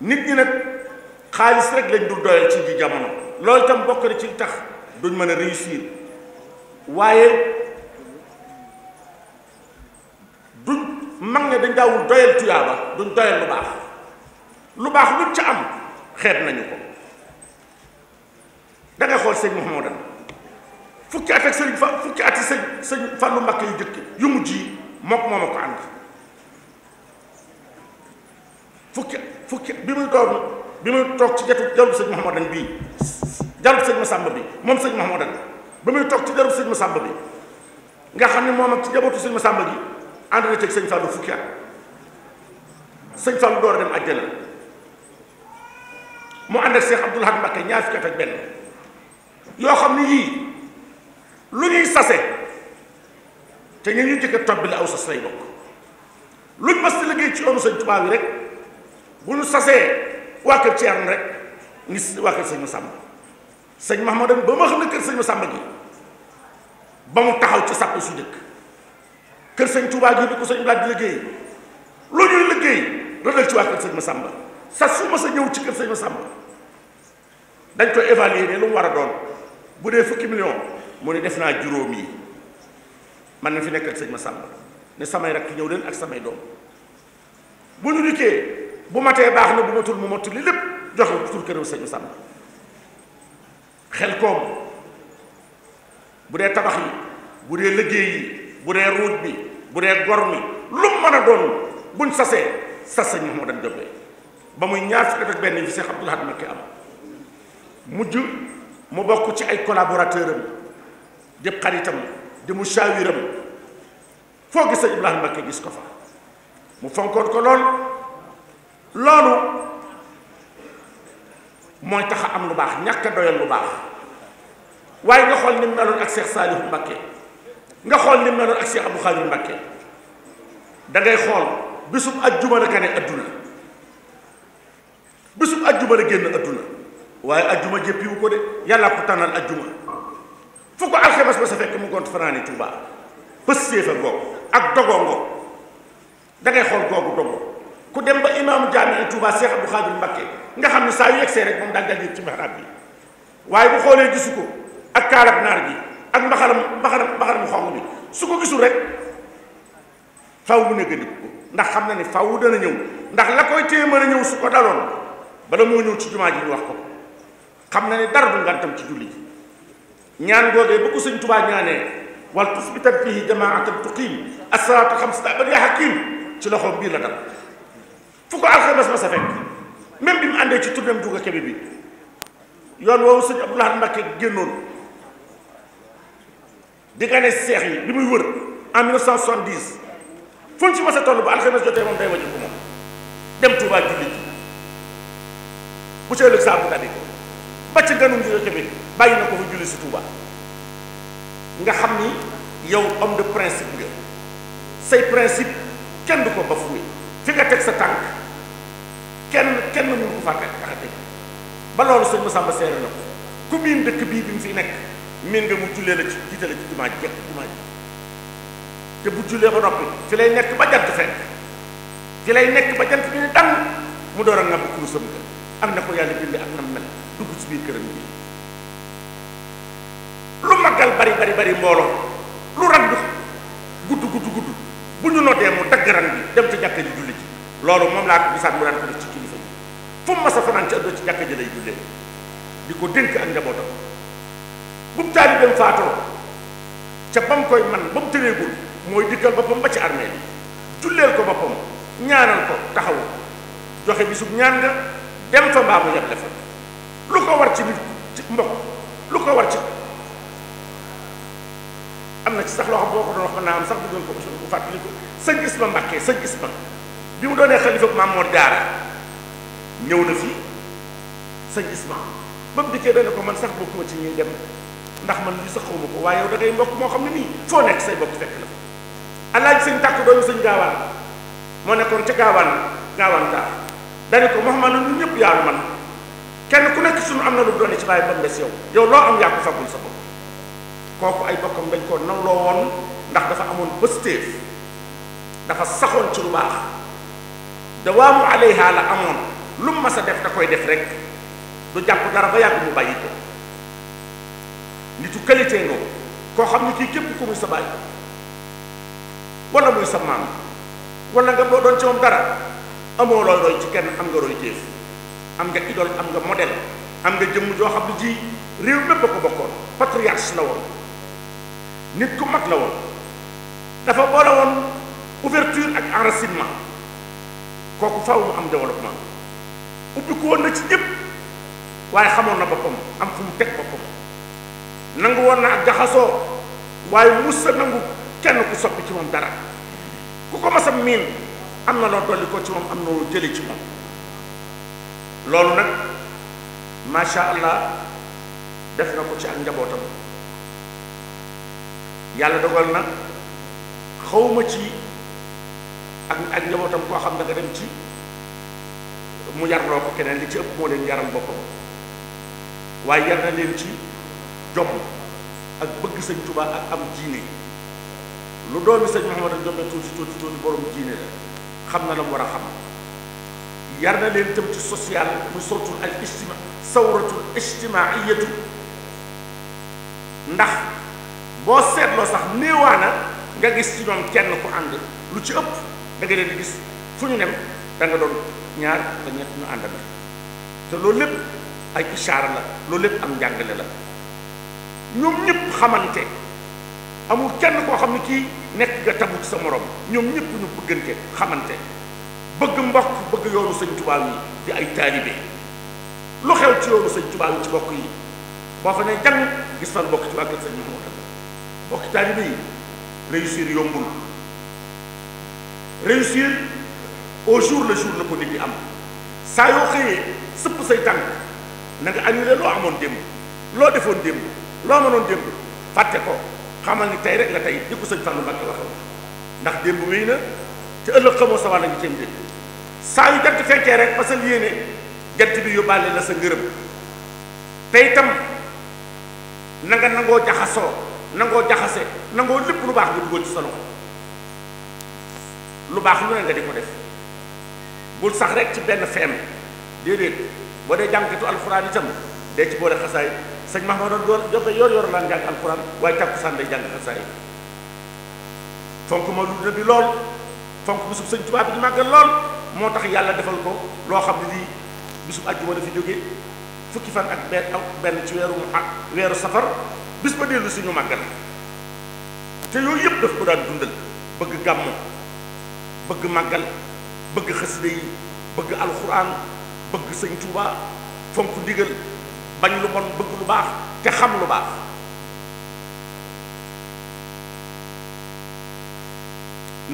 nit ñi nag xaalis rek lañ dul doyal ci ji jamono loolu itam bokk ci tax duñ mën a réussir waaye duñ mag ne dañ daawul doyal tuyaaba duñ doyal lu baax lu baax luñ ca am xeet nañu ko da nga xool sëñ Mouhamadan fukki at ak sëñ fa fukki at yi sëñ sëñ Fallou Mbacké yu jëkk yu mujj yi mook moom a ko ànd fukki fukki bi muy toog bi muy toog ci jatu jarub sëñ Mahamadan bii jarub sëñ Masamba bi moom sëñ Mahamadan bi muy toog ci jarub sëñ Masamba bi nga xam ne moom ak ci jabootu sëñ Masamba gi ànd na ci sëñ Fallou fukki at sëñ Fallou door a dem àjjana mu ànd ak Cheikh Abdoul Ahad Mbacké ñaar fukki at ak benn yoo xam ne yii lu ñuy sase te ñu ñu jëkk a topp bi aw sas lay bokk luñ ma ci liggéey ci yoonu sëñ Tuubaa yi rek bu nu sasee waa kër Thierno rek ngi waa kër sëñ Massamba sëñ Mahamadan ba ma xam ne kër sëñ sàmba gi ba mu taxaw ci sàpp su dëkk kër sëñ Touba gi bi ko sëñ Blaat di liggéey loo ñuy liggéey rëddal ci waa kër sëñ Massamba sa su ma sa ñëw ci kër sëñ Massamba dañ koy évaluer ne lu mu war a doon bu dee fukki million mu ne def naa juróom yi man na fi nekk ak sëñ Massamba ne samay rakk ñëw leen ak samay doom bu ñu dikkee bu matee baax na bu matul mu matul li lépp jox la tur këréw sañu sàmm xel koom bu dee tabax yi bu dee liggéey yi bu dee ruuj bi bu dee gor mi lu mën a doonul buñ sasee sas sañ Mouhamadou Ndiob ba muy ñaar fukki ak benn fi Cheikh Abdoul Ahad Mbacké am mujj mu bokk ci ay collaborateur am di xaritam di mu saawiram foo gis sëñ Ibrahima Mbacké gis ko fa mu fonkoon ko lool loolu mooy tax am lu baax ñàkk a doyal lu baax waaye nga xool ni mu meloon ak Cheikh Saliou Mbacké nga xool ni mu meloon ak Cheikh Abdou Khadim Mbacké da ngay xool bisub ajjuma la gane adduna bisub ajjuma la génn adduna waaye ajjuma jéppiwu ko de yàlla ko tànnal ajjuma fu ko alxemes ba fekk mu gont fanaani Tuuba pës séefa googu ak dogo ngoo da ngay xool googu dogo ku dem ba imaamu tuubaa Tuuba bu Abdu Xaadir Mbakke nga xam ne saa yu yegsee rek moom daal dal yëg ci mihraab bi waaye bu xoolee gisu ko ak kaalab naar bi ak mbaxaram mbaxaram mbaxaram xonq bi su ko gisul rek faw mu nekk ko ndax xam na ne faw dana ñëw ndax la koy téye mën a ñëw su ko daloon bala moo ñëw ci jumaa ji ñu wax ko xam na ne dara du ngantam ci julli ji ñaan googee ba ko sëñ tubaa ñaanee wal tusbitan bi jamaatan tuqim asalaatu xamsata abad ya ci loxoom biir la dal fu ko alxames ma sa fekk même bi mu àndee ci tournéem Louga Kébé bi yoon woowu sëñ Abdou Lahad génnoon di ne seex yi bi muy wër en 1970 fu ñu ci mas a toll ba alxames jotee bu see lëg saabu dabi ko fa julli nga xam ni yow homme de principe nga say principe kenn du ko bafoué fi nga teg sa tànk kenn kenn mënu ko fàtte taxate ba loolu sëñ Masamba seere la ko ku miin dëkk bii bi mu fi nekk miin nga mu jullee la ci jiite la ci jumaa ji jekk jumaa ji te bu jullee ba noppi fi lay nekk ba jant fenk fi lay nekk ba jant bi ne dang mu door a ngàbb kurusam ga am na ko yàlla bindi ak nam mel dugg ci biir këram bi lu màggal bari bari bari mbooloo lu rand gudd gudd gudd bu ñu noddee mu dagg rang bi dem ci jàkka ji julli ji loolu moom laa ko gisaat mu daan ko def ci kilifa yi fu mu mas a fanaan ci àdduna ci jàkka ji jullee di ko dénk ak njabootam bu mu taalibeem faatoo ca ba mu koy man ba mu tëreegul mooy diggal boppam ba ci armée bi julleel ko boppam ñaanal ko taxawu joxe bisub ñaan nga dem fa mbaa mu yeble fa lu ko war ci mbokk lu ko war ci am na ci sax loo xam boo ko doon wax naa am sax du ko fàttali ko sëñ Isma Mbàkke bi mu doonee xalifa maam Mor Jaara ñëw na fii sëñ Isma ba mu dikkee dana ko man sax bokkuma ci ñuy dem ndax man li sax xawma ko waaye yow da ngay mbokk moo xam ne nii foo nekk say bokk fekk la ko alaaji sëñ tàkk doon sëñ gaawaan moo nekkoon ca gaawaan gaawaan daa dani ko Mouhamad ñun ñëpp yaalu man kenn ku nekk suñu am na lu doone ci bàyyi ba mu des yow yow loo am yaa ko fagul sa bopp kooku ay bokkam dañ koo loo won ndax dafa amoon bëstéef dafa saxoon ci lu baax dawaamu alayha la amoon lu mu mas a def da koy def rek du jàpp dara ba yàgg mu bàyyi ko nitu qualité nga koo xam ne kii képp ku muy sa bàyyi wala muy sa maam wala nga boo doon ci dara amoo looy ci kenn am nga roy téef am nga idole am nga modèle am nga jëmm joo xam ne ji réew mépp a ko bokkoon patriarche la woon nit ku mag la woon dafa boole woon ouverture ak enracinement kooku faaw mu am développement ubbi ko woon na ci ñëpp waaye xamoon na boppam am fu mu teg boppam nangu woon na ak jaxasoo waaye mus sa nangu kenn ku sopp ci moom dara ku ko mas miin am na loo dolli ko ci moom am na loo jële ci moom loolu nag macha allah def na ko ci ak njabootam yàlla dogal na xawma ci ak ak njabootam koo xam da nga dem ci mu yarloo ko keneen li ci ëpp moo leen yaral boppam waaye yar na leen ci jom ak bëgg sëñ Tuubaa ak am diine lu doomi sëñ Mouhamad ak jombe tuuti tuuti tuuti borom diine la mu war a xam yar na leen tam social mu sawtul al ijtima sawratul ndax boo seetloo sax néewaana nga gis ci ñoom kenn ku ànd lu ci ëpp da nga leen di gis fu ñu nem da nga doon ñaar ba ñett ñu te loolu lépp ay ishaara la loolu lépp am njàngale la ñoom ñëpp xamante amul kenn koo xam ne kii nekk nga tabu ci sa moroom ñoom ñëpp ñu bëggante xamante bëgg mbokk bëgg yoonu sëñ Tuubaa yi di ay taalibe lu xew ci yoonu sëñ Tuubaa yi ci bokk yi boo fa ne jàng gis fan bokk ci waa kër sëñ Mouhamadou mbokk taalibe yi réussir yombul. réussir au jour le jour la ko nit ñi am saa yoo xëyee sëpp say tànk na nga annulé loo amoon démb loo defoon démb loo mënoon démb fàtte ko xamal ni tey rek la tey di ko sëñ Fallou Mbacké waxee ndax démb wéy na te ëllëg xamoo sa wàll ñu cee njëkk saa yu jant fekkee rek parce que yéene jant bi yóbbaale la sa ngërëm tey itam na nga nangoo jaxasoo nangoo jaxase nangoo lépp lu baax nga dugal ci sa lu baax lu ne nga di ko def bul sax rek ci benn fenn déedéet boo dee jàngkatu alxuraan itam dee ci boole xasaay sëñ Mahmadou doon doon doon yor-yor laa jàng alxuraan waaye tàkkusaan day jàng xasaay fonk ma lu bi lool fonk bisub sëñ Tuubaa moo tax yàlla defal ko loo xam ne lii bisub àjjuma la fi fukki fan ak benn ak benn ci weeru ak weeru safar bis ba yooyu yëpp daf ko daan dundal bëgg gàmmu bëgg màggal bëgg xasida bëgg alxuraan bëgg sëñ Tuuba fonk ndigal bañ lu bon bëgg lu baax te xam lu baax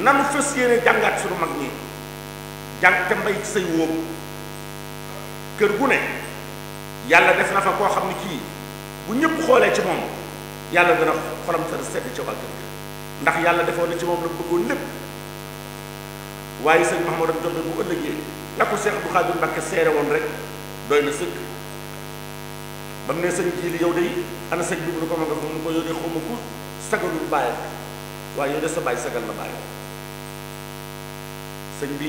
nanu fës yéene jàngaat suñu mag ñi jàng te mbay ci wóom kër gu ne yàlla def na fa koo xam ne kii bu ñëpp xoolee ci moom yàlla dana xolam sa sedd ca waa kër ndax yàlla defoon ne ci moom la bëggoon lépp waaye sëñ Mahamadou jox na bu ëllëgee la ko Cheikh Abdou Khadir Mbacke seere woon rek doy na sëkk ba mu ne sëñ Jili yow day ana sëñ bi mu ne ko ma nga fa mu ko yow de xaw ma ku sagalul bàyyi waaye yow de sa bàyyi sagal na bàyyi sëñ bi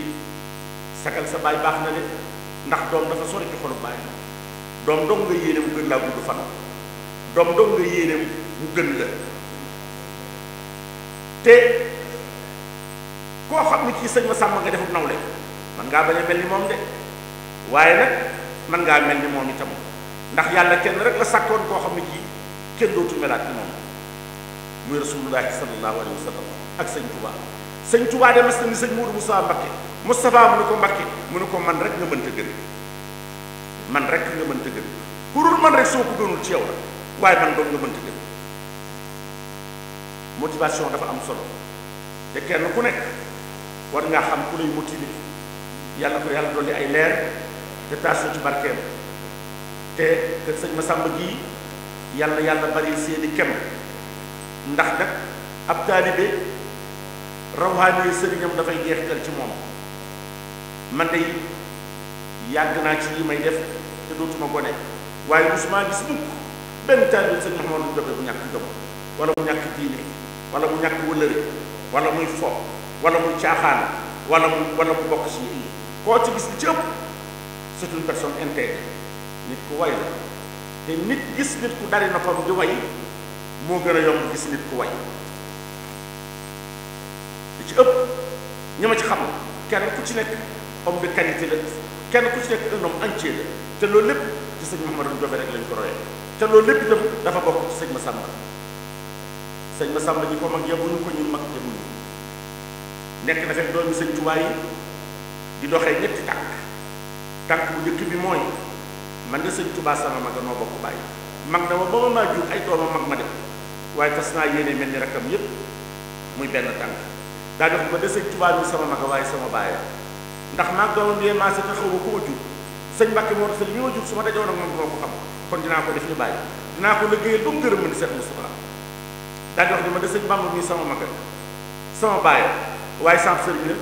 sagal sa bàyyi baax na de ndax doom dafa sori ci xolu bàyyi doom dong nga yéene gën laa gudd fan doom dong nga yéene mu la te koo xam ne kii sëñ ma sàmm nga defut nawle man ngaa bañ a mel ni moom de waaye nag man ngaa mel ni moom itam ndax yàlla kenn rek la sàkkoon koo xam ne kii kenn dootu melaat ni moom muy rasulullahi sallallahu alayhi wa sallam ak sañ Touba sëñ Touba de mas na ni sëñ Mourou Moussa Mbakke Moustapha mu ne ko Mbakke mu ne ko man rek nga mënta gën man rek nga mënta gën ku dul man rek soo ko gënul ci yow la waaye man doom nga mënta gën motivation dafa am solo te kenn ku nekk. war ngaa xam ku lay motiver yàlla ko yàlla dolli ay leer te taas ci barkeem te kër sëñ Masamba gii yàlla yàlla bari seeni kem ndax nag ab taalibe rawaani sëriñam dafay jeexital ci moom man de yàgg naa ci lii may def te dootuma gone waaye musuma gis mukk benn taalibe sëñ Mouhamadou Jobe bu ñàkk jom wala mu ñàkk diine wala mu ñàkk wëllëre wala muy fo wala muy caaxaan wala mu wala mu bokk si ñun koo ci gis li ci ëpp c'est une personne intègre nit ku way la te nit gis nit ku dari na fam di way moo gën a yomb gis nit ku way li ci ëpp ñi ma ci xam kenn ku ci nekk homme de qualité la kenn ku ci nekk un homme te loolu lépp ci sëñ Mouhamadou Ndiobé rek lañ ko royee te loolu lépp itam dafa bokk ci sëñ Massamba sëñ Massamba ñi ko mag yabuñu ko ñun mag yabuñu nekk na fekk doomi sëñ Tuubaa yi di doxee ñetti tànk tànk bu njëkk bi mooy man de sëñ Tuubaa sama mag noo bokk bàyyi mag dama ba ma maa jur ay doomam mag ma def waaye tas naa yéene mel ni rakkam yépp muy benn tànk daa dox ba de sëñ Tuubaa mi sama mag waaye sama bàyyi ndax maag doomam yee maa seeta xaw ma ko jur sëñ Mbàkke moo tax li ma jur su ma dajoon ak moom duma ko xam kon dinaa ko def ni bàyyi dinaa ko liggéeyal ba mu gërëm mën seet Mustafaa daa dox ni ma de sëñ Bàmba mi sama mag sama bàyyi waaye saaf sëriñ la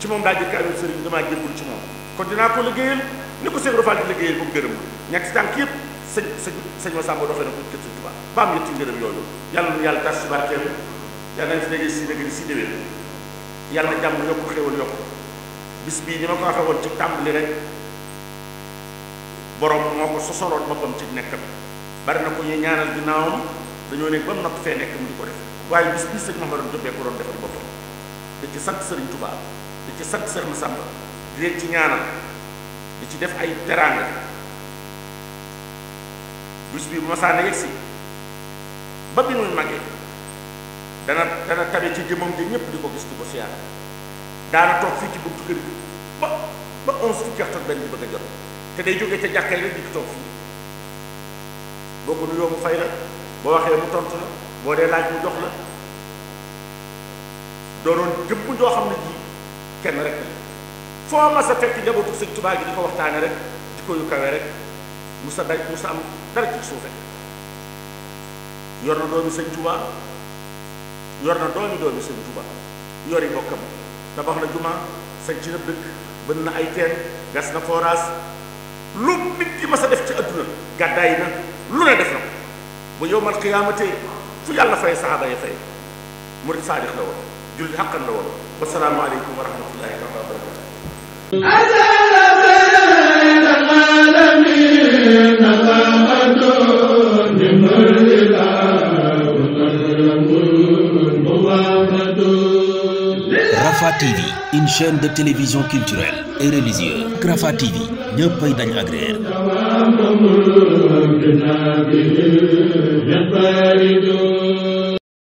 ci moom daa jëkk amee sëriñ damaa jébbul ci moom kon dinaa ko liggéeyal ni ko Seydou Fall di liggéeyal ba mu ma ñàkk si tànk yëpp sëñ sëñ sëñ Masamba doxee na ko kër Sëñ Tuubaa ba am yëpp ci ngërëm yooyu yàlla na yàlla tas si barkeel yàlla nañ si si dégg si déwén yàlla na jàmm yokk bii ni ma ko waxee woon moo ko sosoloon boppam ci nekkam bari na ko ñuy ñaanal ginnaawam dañoo nekk ba mu noppi fee nekk mu di ko def ko doon defal boppam ci sant Serigne Touba di ci sant Serigne Massamba di leen ci ñaanal di ci def ay teraanga bis bi bu masaana yegsi ba bi muy màggee dana dana tabe ci jëmmam ji ñëpp di ko gis di ko siyaar daana toog fii ci buntu kër gi ba ba onze fukki waxtu ak benn bëgg a jot te day jógee ca jàkkee rek di toog fii boo ko nuyoo mu fay la boo waxee mu tontu la boo dee laaj mu jox doonoon jëpp joo xam ne ji kenn rek foo ma sa fekk njabootu sëñ Tuubaa gi di ko waxtaane rek di ko yu kawe rek mu sa daj mu sa am dara ci suufe yor na doomi sëñ Tuubaa yor na doomi doomi sëñ Tuubaa yori bokkam tabax na juma sañ ci na dëkk na ay teen gas na forage lu nit ki mas def ci adduna gàddaay na lu ne def na ko ba yowmal xiyaamate fu yàlla fay saxaaba ya fay murid saadix la woon julli xaqan la woon wasalaamaaleykum wa rahmatullahi wa barakatuh Rafah TV une chaîne de télévision culturelle et religieuse Rafah TV ñëppay dañ agréer